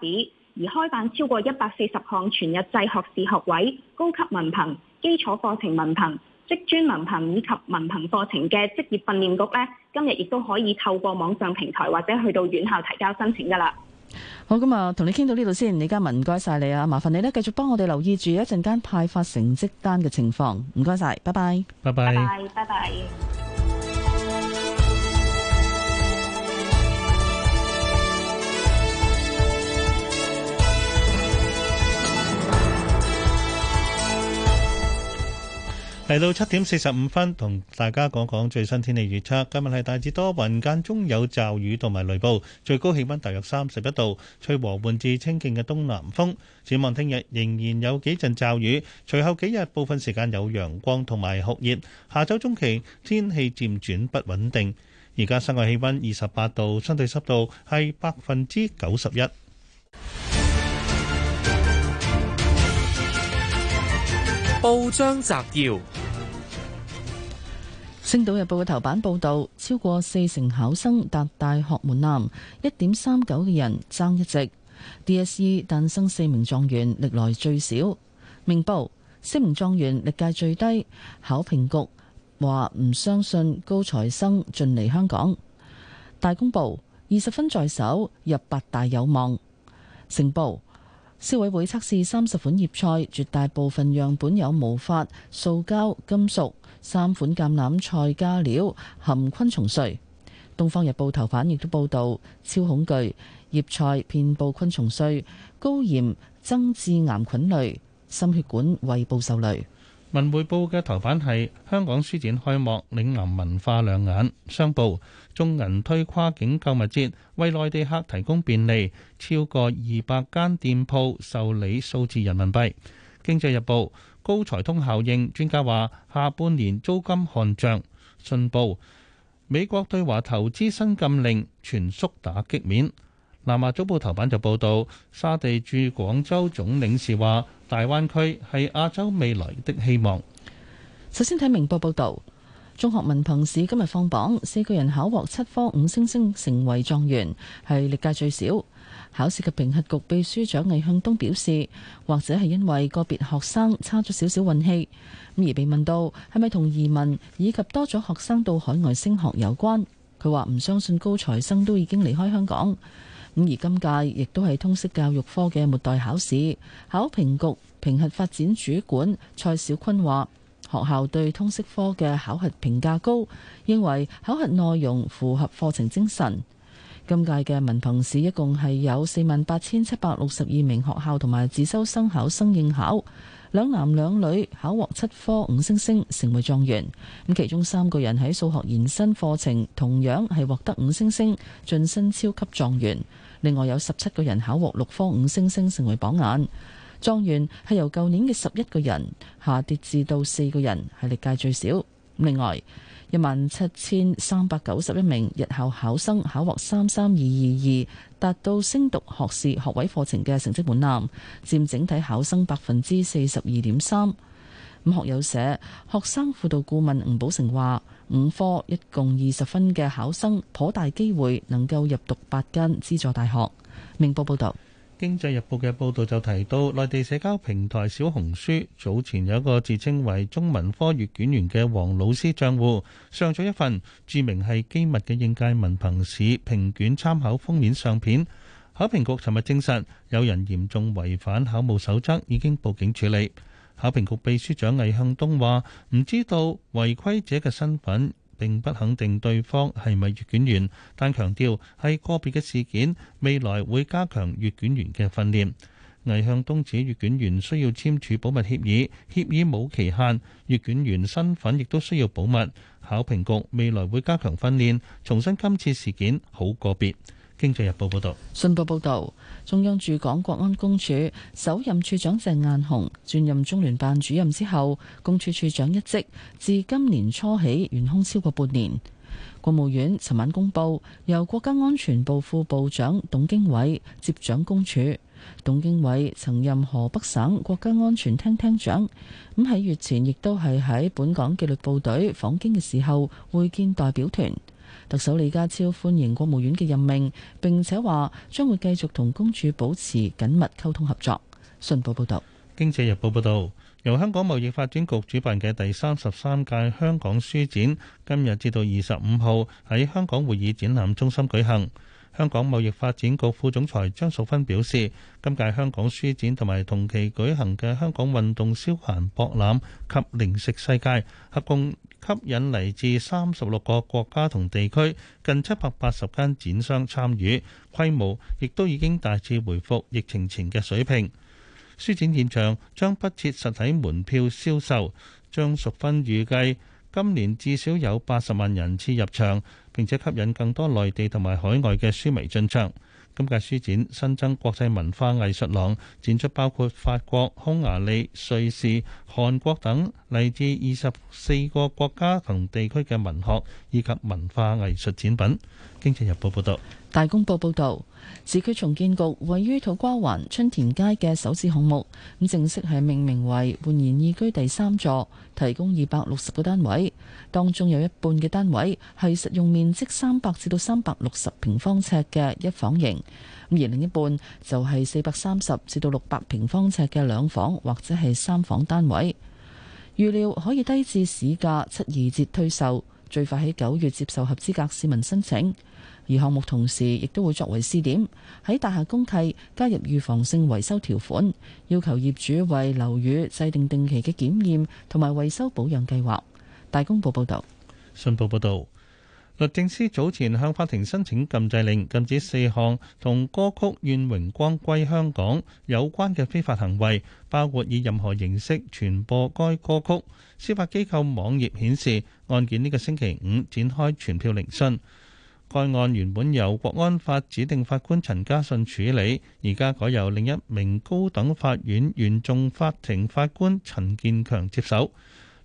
S18: 而開辦超過一百四十項全日制學士學位、高級文憑、基礎課程文憑。職專文憑以及文憑課程嘅職業訓練局呢，今日亦都可以透過網上平台或者去到院校提交申請噶啦。
S3: 好，咁、嗯、啊，同你傾到呢度先，李嘉文，唔該晒你啊，麻煩你咧繼續幫我哋留意住一陣間派發成績單嘅情況，唔該晒，拜拜，拜
S18: 拜，拜拜，拜拜。
S4: 嚟到七點四十五分，同大家講講最新天氣預測。今日係大致多雲，間中有驟雨同埋雷暴，最高氣温大約三十一度，吹和緩至清勁嘅東南風。展望聽日仍然有幾陣驟雨，隨後幾日部分時間有陽光同埋酷熱。下周中期天氣漸轉不穩定。而家室外氣温二十八度，相對濕度係百分之九十一。
S7: 報章摘要。
S3: 星島日報嘅頭版報道，超過四成考生達大學門檻，一點三九嘅人爭一席。DSE 誕生四名狀元，歷來最少。明報四名狀元歷屆最低。考評局話唔相信高才生進嚟香港。大公報二十分在手入八大有望。成報消委會測試三十款葉菜，絕大部分樣本有毛發塑膠金屬。三款橄欖菜加料含昆蟲碎，《東方日報》頭版亦都報道超恐懼葉菜遍佈昆蟲碎，高鹽增致癌菌類，心血管胃部受累。
S4: 《文匯報》嘅頭版係香港書展開幕，嶺南文化亮眼。商報中銀推跨境購物節，為內地客提供便利，超過二百間店鋪受理數字人民幣。《經濟日報》高財通效應，專家話下半年租金看漲。信報，美國對華投資新禁令全速打擊面。南華早報頭版就報道，沙地駐廣州總領事話：大灣區係亞洲未來的希望。
S3: 首先睇明報報道，中學文憑試今日放榜，四個人考獲七科五星星，成為狀元，係歷屆最少。考試及評核局秘書長魏向東表示，或者係因為個別學生差咗少少運氣，而被問到係咪同移民以及多咗學生到海外升學有關，佢話唔相信高材生都已經離開香港。咁而今屆亦都係通識教育科嘅末代考試，考評局評核發展主管蔡小坤話，學校對通識科嘅考核評價高，認為考核內容符合課程精神。今屆嘅文憑試一共係有四萬八千七百六十二名學校同埋自修生考生應考，兩男兩女考獲七科五星星，成為狀元。咁其中三個人喺數學延伸課程同樣係獲得五星星，晉身超級狀元。另外有十七個人考獲六科五星星，成為榜眼。狀元係由舊年嘅十一個人下跌至到四個人，係歷屆最少。另外一萬七千三百九十一名日校考生考獲三三二二二，達到升讀學士學位課程嘅成績門檻，佔整體考生百分之四十二點三。五學友社學生輔導顧問吳寶城話：五科一共二十分嘅考生，頗大機會能夠入讀八間資助大學。明報報道。
S4: 《經濟日報》嘅報導就提到，內地社交平台小紅書早前有一個自稱為中文科閱卷員嘅黃老師賬戶上咗一份注明係機密嘅應屆文憑試評卷參考封面相片。考評局尋日證實有人嚴重違反考務守則，已經報警處理。考評局秘書長魏向東話：唔知道違規者嘅身份。並不肯定對方係咪閲卷員，但強調係個別嘅事件，未來會加強閲卷員嘅訓練，魏向東指閲卷員需要簽署保密協議，協議冇期限，閲卷員身份亦都需要保密。考評局未來會加強訓練，重申今次事件好個別。經濟日報報道，
S3: 信報報道，中央駐港國安公署首任署長鄭雁雄轉任中聯辦主任之後，公署署長一職自今年初起懸空超過半年。國務院尋晚公布，由國家安全部副部長董經緯接掌公署。董經緯曾任河北省國家安全廳廳長，咁喺月前亦都係喺本港紀律部隊訪京嘅時候會見代表團。特首李家超歡迎國務院嘅任命，並且話將會繼續同公署保持緊密溝通合作。信報報道，
S4: 《經濟日報》報道，由香港貿易發展局主辦嘅第三十三屆香港書展，今日至到二十五號喺香港會議展覽中心舉行。香港貿易發展局副總裁張素芬表示，今屆香港書展同埋同期舉行嘅香港運動消閒博覽及零食世界合共。吸引嚟自三十六個國家同地區，近七百八十間展商參與，規模亦都已經大致回復疫情前嘅水平。書展現場將不設實體門票銷售，張淑芬預計今年至少有八十萬人次入場，並且吸引更多內地同埋海外嘅書迷進場。今屆書展新增國際文化藝術廊，展出包括法國、匈牙利、瑞士、韓國等嚟自二十四個國家同地區嘅文學以及文化藝術展品。經濟日報報導。
S3: 大公報報導，市區重建局位於土瓜灣春田街嘅首置項目，咁正式係命名為「煥然懿居」第三座，提供二百六十個單位，當中有一半嘅單位係實用面積三百至到三百六十平方尺嘅一房型，而另一半就係四百三十至到六百平方尺嘅兩房或者係三房單位，預料可以低至市價七二折推售，最快喺九月接受合資格市民申請。而項目同時亦都會作為試點，喺大廈公契加入預防性維修條款，要求業主為樓宇制定定期嘅檢驗同埋維修保養計劃。大公報報道。
S4: 信報報導，律政司早前向法庭申請禁制令，禁止四項同歌曲《願榮光歸香港》有關嘅非法行為，包括以任何形式傳播該歌曲。司法機構網頁顯示，案件呢個星期五展開傳票聆訊。該案原本由國安法指定法官陳家信處理，而家改由另一名高等法院原訟法庭法官陳建強接手。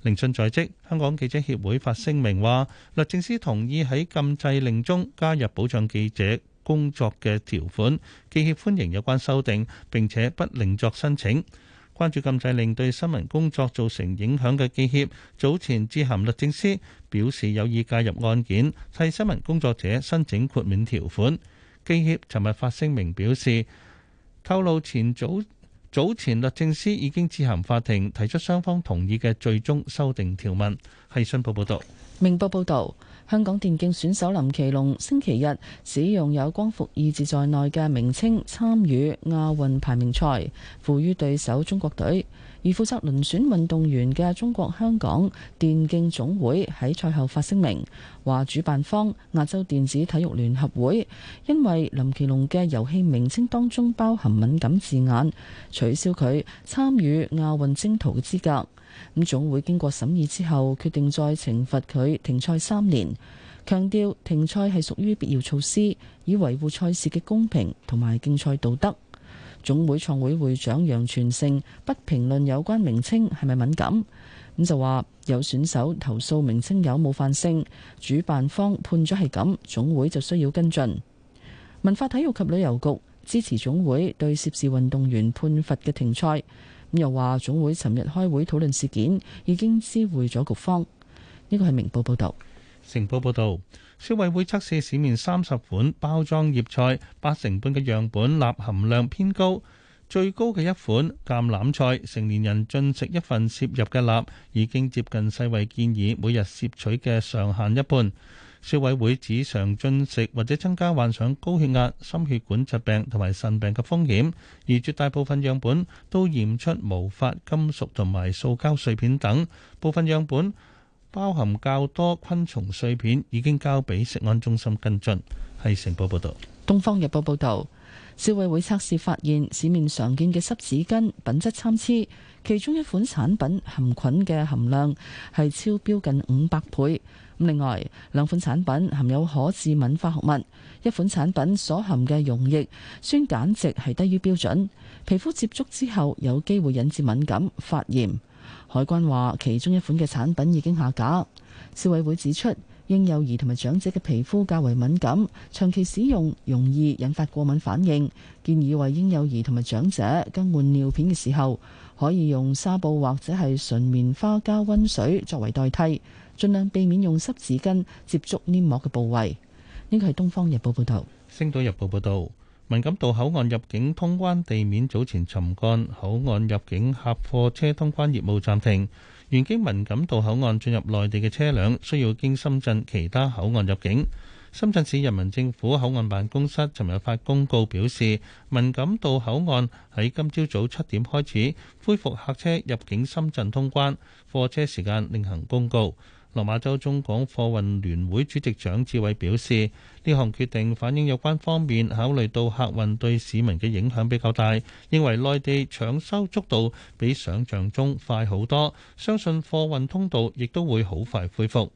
S4: 聆訊在即，香港記者協會發聲明話，律政司同意喺禁制令中加入保障記者工作嘅條款，記協歡迎有關修訂，並且不另作申請。關注禁制令對新聞工作造成影響嘅記協，早前致函律政司，表示有意介入案件，替新聞工作者申請豁免條款。記協尋日發聲明表示，透露前早早前律政司已經致函法庭，提出雙方同意嘅最終修訂條文。係信報報道。
S3: 明報報導。香港電競選手林奇龍星期日使用有光復二字在內嘅名稱參與亞運排名賽，負於對手中國隊。而負責遴選運動員嘅中國香港電競總會喺賽後發聲明，話主辦方亞洲電子體育聯合會因為林其龍嘅遊戲名稱當中包含敏感字眼，取消佢參與亞運征途嘅資格。咁總會經過審議之後，決定再懲罰佢停賽三年，強調停賽係屬於必要措施，以維護賽事嘅公平同埋競賽道德。總會創會會長楊全勝不評論有關名稱係咪敏感，咁就話有選手投訴名稱有冇犯性，主辦方判咗係咁，總會就需要跟進。文化體育及旅遊局支持總會對涉事運動員判罰嘅停賽，咁又話總會尋日開會討論事件，已經知會咗局方。呢個係明報報道，
S4: 成報報道。消委會測試市面三十款包裝醃菜，八成半嘅樣本鈉含量偏高，最高嘅一款橄欖菜，成年人進食一份攝入嘅鈉已經接近世衛建議每日攝取嘅上限一半。消委會指常進食或者增加患上高血壓、心血管疾病同埋腎病嘅風險，而絕大部分樣本都驗出無法金屬同埋塑膠碎片等，部分樣本包含較多昆蟲碎片，已經交俾食安中心跟進。係晨報報導。
S3: 《東方日報》報導，消委會測試發現市面常見嘅濕紙巾品質參差，其中一款產品含菌嘅含量係超標近五百倍。另外兩款產品含有可致敏化學物，一款產品所含嘅溶液酸鹼值係低於標準，皮膚接觸之後有機會引致敏感發炎。海關話，其中一款嘅產品已經下架。消委會指出，嬰幼兒同埋長者嘅皮膚較為敏感，長期使用容易引發過敏反應。建議為嬰幼兒同埋長者更換尿片嘅時候，可以用紗布或者係純棉花加溫水作為代替，盡量避免用濕紙巾接觸黏膜嘅部位。呢個係東方日報報道，
S4: 星島日報報道。文錦渡口岸入境通關地面早前沉降，口岸入境客貨車通關業務暫停。原經文錦渡口岸進入內地嘅車輛，需要經深圳其他口岸入境。深圳市人民政府口岸辦公室尋日發公告表示，文錦渡口岸喺今朝早七點開始恢復客車入境深圳通關，貨車時間另行公告。羅馬州中港貨運聯會主席蔣志偉表示，呢項決定反映有關方面考慮到客運對市民嘅影響比較大，認為內地搶修速度比想象中快好多，相信貨運通道亦都會好快恢復。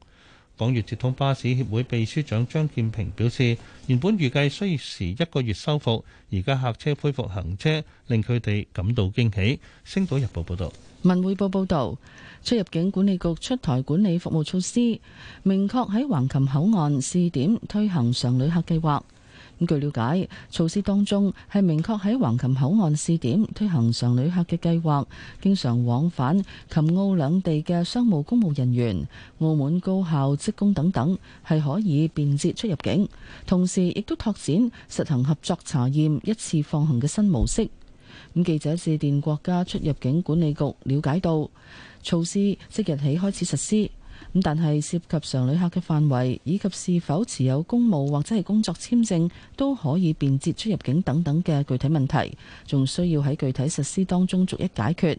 S4: 港粵接通巴士協會秘書長張建平表示，原本預計需時一個月修復，而家客車恢復行車，令佢哋感到驚喜。星島日報報道，
S3: 文匯報報道，出入境管理局出台管理服務措施，明確喺橫琴口岸試點推行常旅客計劃。咁據了解，措施當中係明確喺橫琴口岸試點推行常旅客嘅計劃，經常往返琴澳兩地嘅商務公務人員、澳門高校職工等等係可以便捷出入境，同時亦都拓展實行合作查驗一次放行嘅新模式。咁記者致電國家出入境管理局了解到，措施即日起開始實施。咁但係涉及常旅客嘅範圍，以及是否持有公務或者係工作簽證，都可以便捷出入境等等嘅具體問題，仲需要喺具體實施當中逐一解決。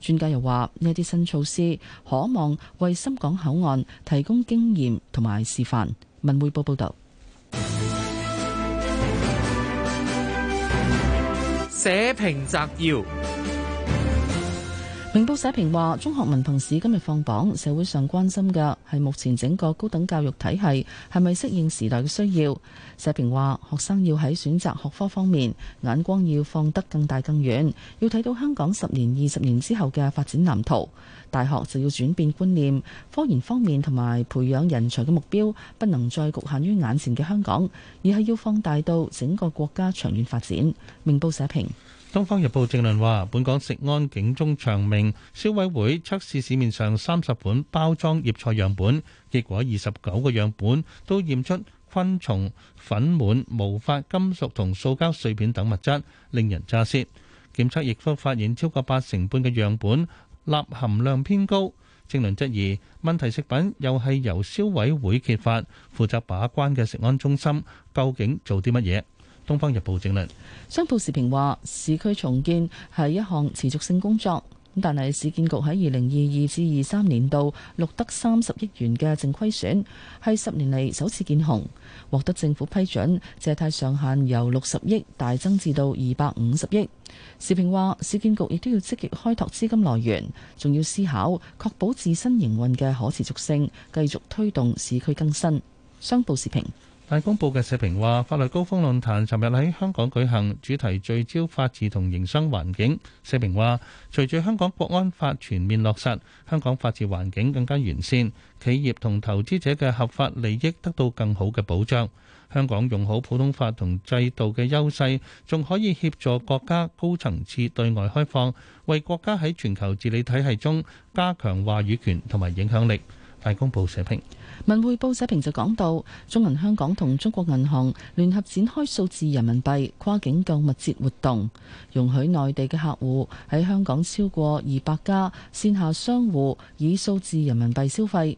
S3: 專家又話呢一啲新措施，可望為深港口岸提供經驗同埋示範。文匯報報道。社評摘要。明報社評話，中學文憑試今日放榜，社會上關心嘅係目前整個高等教育體系係咪適應時代嘅需要。社評話，學生要喺選擇學科方面眼光要放得更大更遠，要睇到香港十年、二十年之後嘅發展藍圖。大學就要轉變觀念，科研方面同埋培養人才嘅目標不能再局限於眼前嘅香港，而係要放大到整個國家長遠發展。明報社評。
S4: 《東方日報》正論話，本港食安警鐘長鳴。消委會測試市面上三十本包裝葉菜樣本，結果二十九個樣本都驗出昆蟲粉滿、無法金屬同塑膠碎片等物質，令人咋舌。檢測亦都發現超過八成半嘅樣本鈉含量偏高。正論質疑問題食品又係由消委會揭發，負責把關嘅食安中心究竟做啲乜嘢？《東方日報》正論。
S3: 商報時評話，市區重建係一項持續性工作，但係市建局喺二零二二至二三年度錄得三十億元嘅淨虧損，係十年嚟首次見紅，獲得政府批准，借貸上限由六十億大增至到二百五十億。時評話，市建局亦都要積極開拓資金來源，仲要思考確保自身營運嘅可持續性，繼續推動市區更新。商報時評。
S4: 大公報嘅社評話，法律高峰論壇尋日喺香港舉行，主題聚焦法治同營商環境。社評話，隨住香港國安法全面落實，香港法治環境更加完善，企業同投資者嘅合法利益得到更好嘅保障。香港用好普通法同制度嘅優勢，仲可以協助國家高層次對外開放，為國家喺全球治理體系中加強話語權同埋影響力。《大公報》
S3: 社評，《文匯報》社評就講到，中銀香港同中國銀行聯合展開數字人民幣跨境購物節活動，容許內地嘅客戶喺香港超過二百家線下商戶以數字人民幣消費。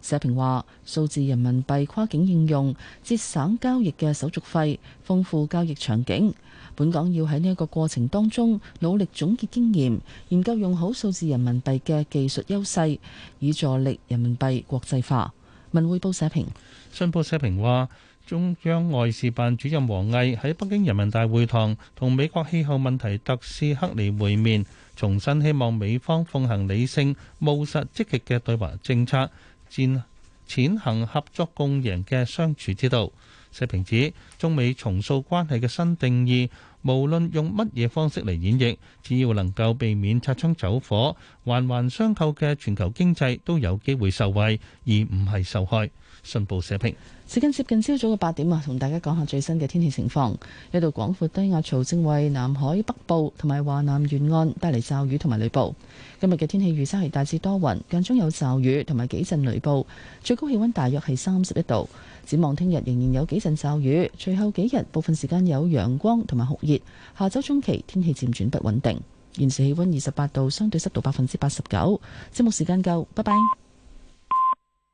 S3: 社評話，數字人民幣跨境應用節省交易嘅手續費，豐富交易場景。本港要喺呢一個過程當中努力總結經驗，研究用好數字人民幣嘅技術優勢，以助力人民幣國際化。文匯報社評，
S4: 信報社評話，中央外事辦主任王毅喺北京人民大會堂同美國氣候問題特使克里會面，重申希望美方奉行理性、務實、積極嘅對華政策，展踐行合作共贏嘅相處之道。社評指中美重塑關係嘅新定義。無論用乜嘢方式嚟演繹，只要能夠避免擦槍走火，環環相扣嘅全球經濟都有機會受惠，而唔係受害。信報社評。
S3: 時間接近朝早嘅八點啊，同大家講下最新嘅天氣情況。有道廣闊低壓槽正為南海北部同埋華南沿岸帶嚟驟雨同埋雷暴。今日嘅天氣預測係大致多雲，間中有驟雨同埋幾陣雷暴，最高氣温大約係三十一度。展望聽日仍然有幾陣驟雨，隨後幾日部分時間有陽光同埋酷熱。下周中期天氣漸轉不穩定。現時氣温
S17: 二十八度，相對濕度百分之八十九。節目時間夠，拜拜。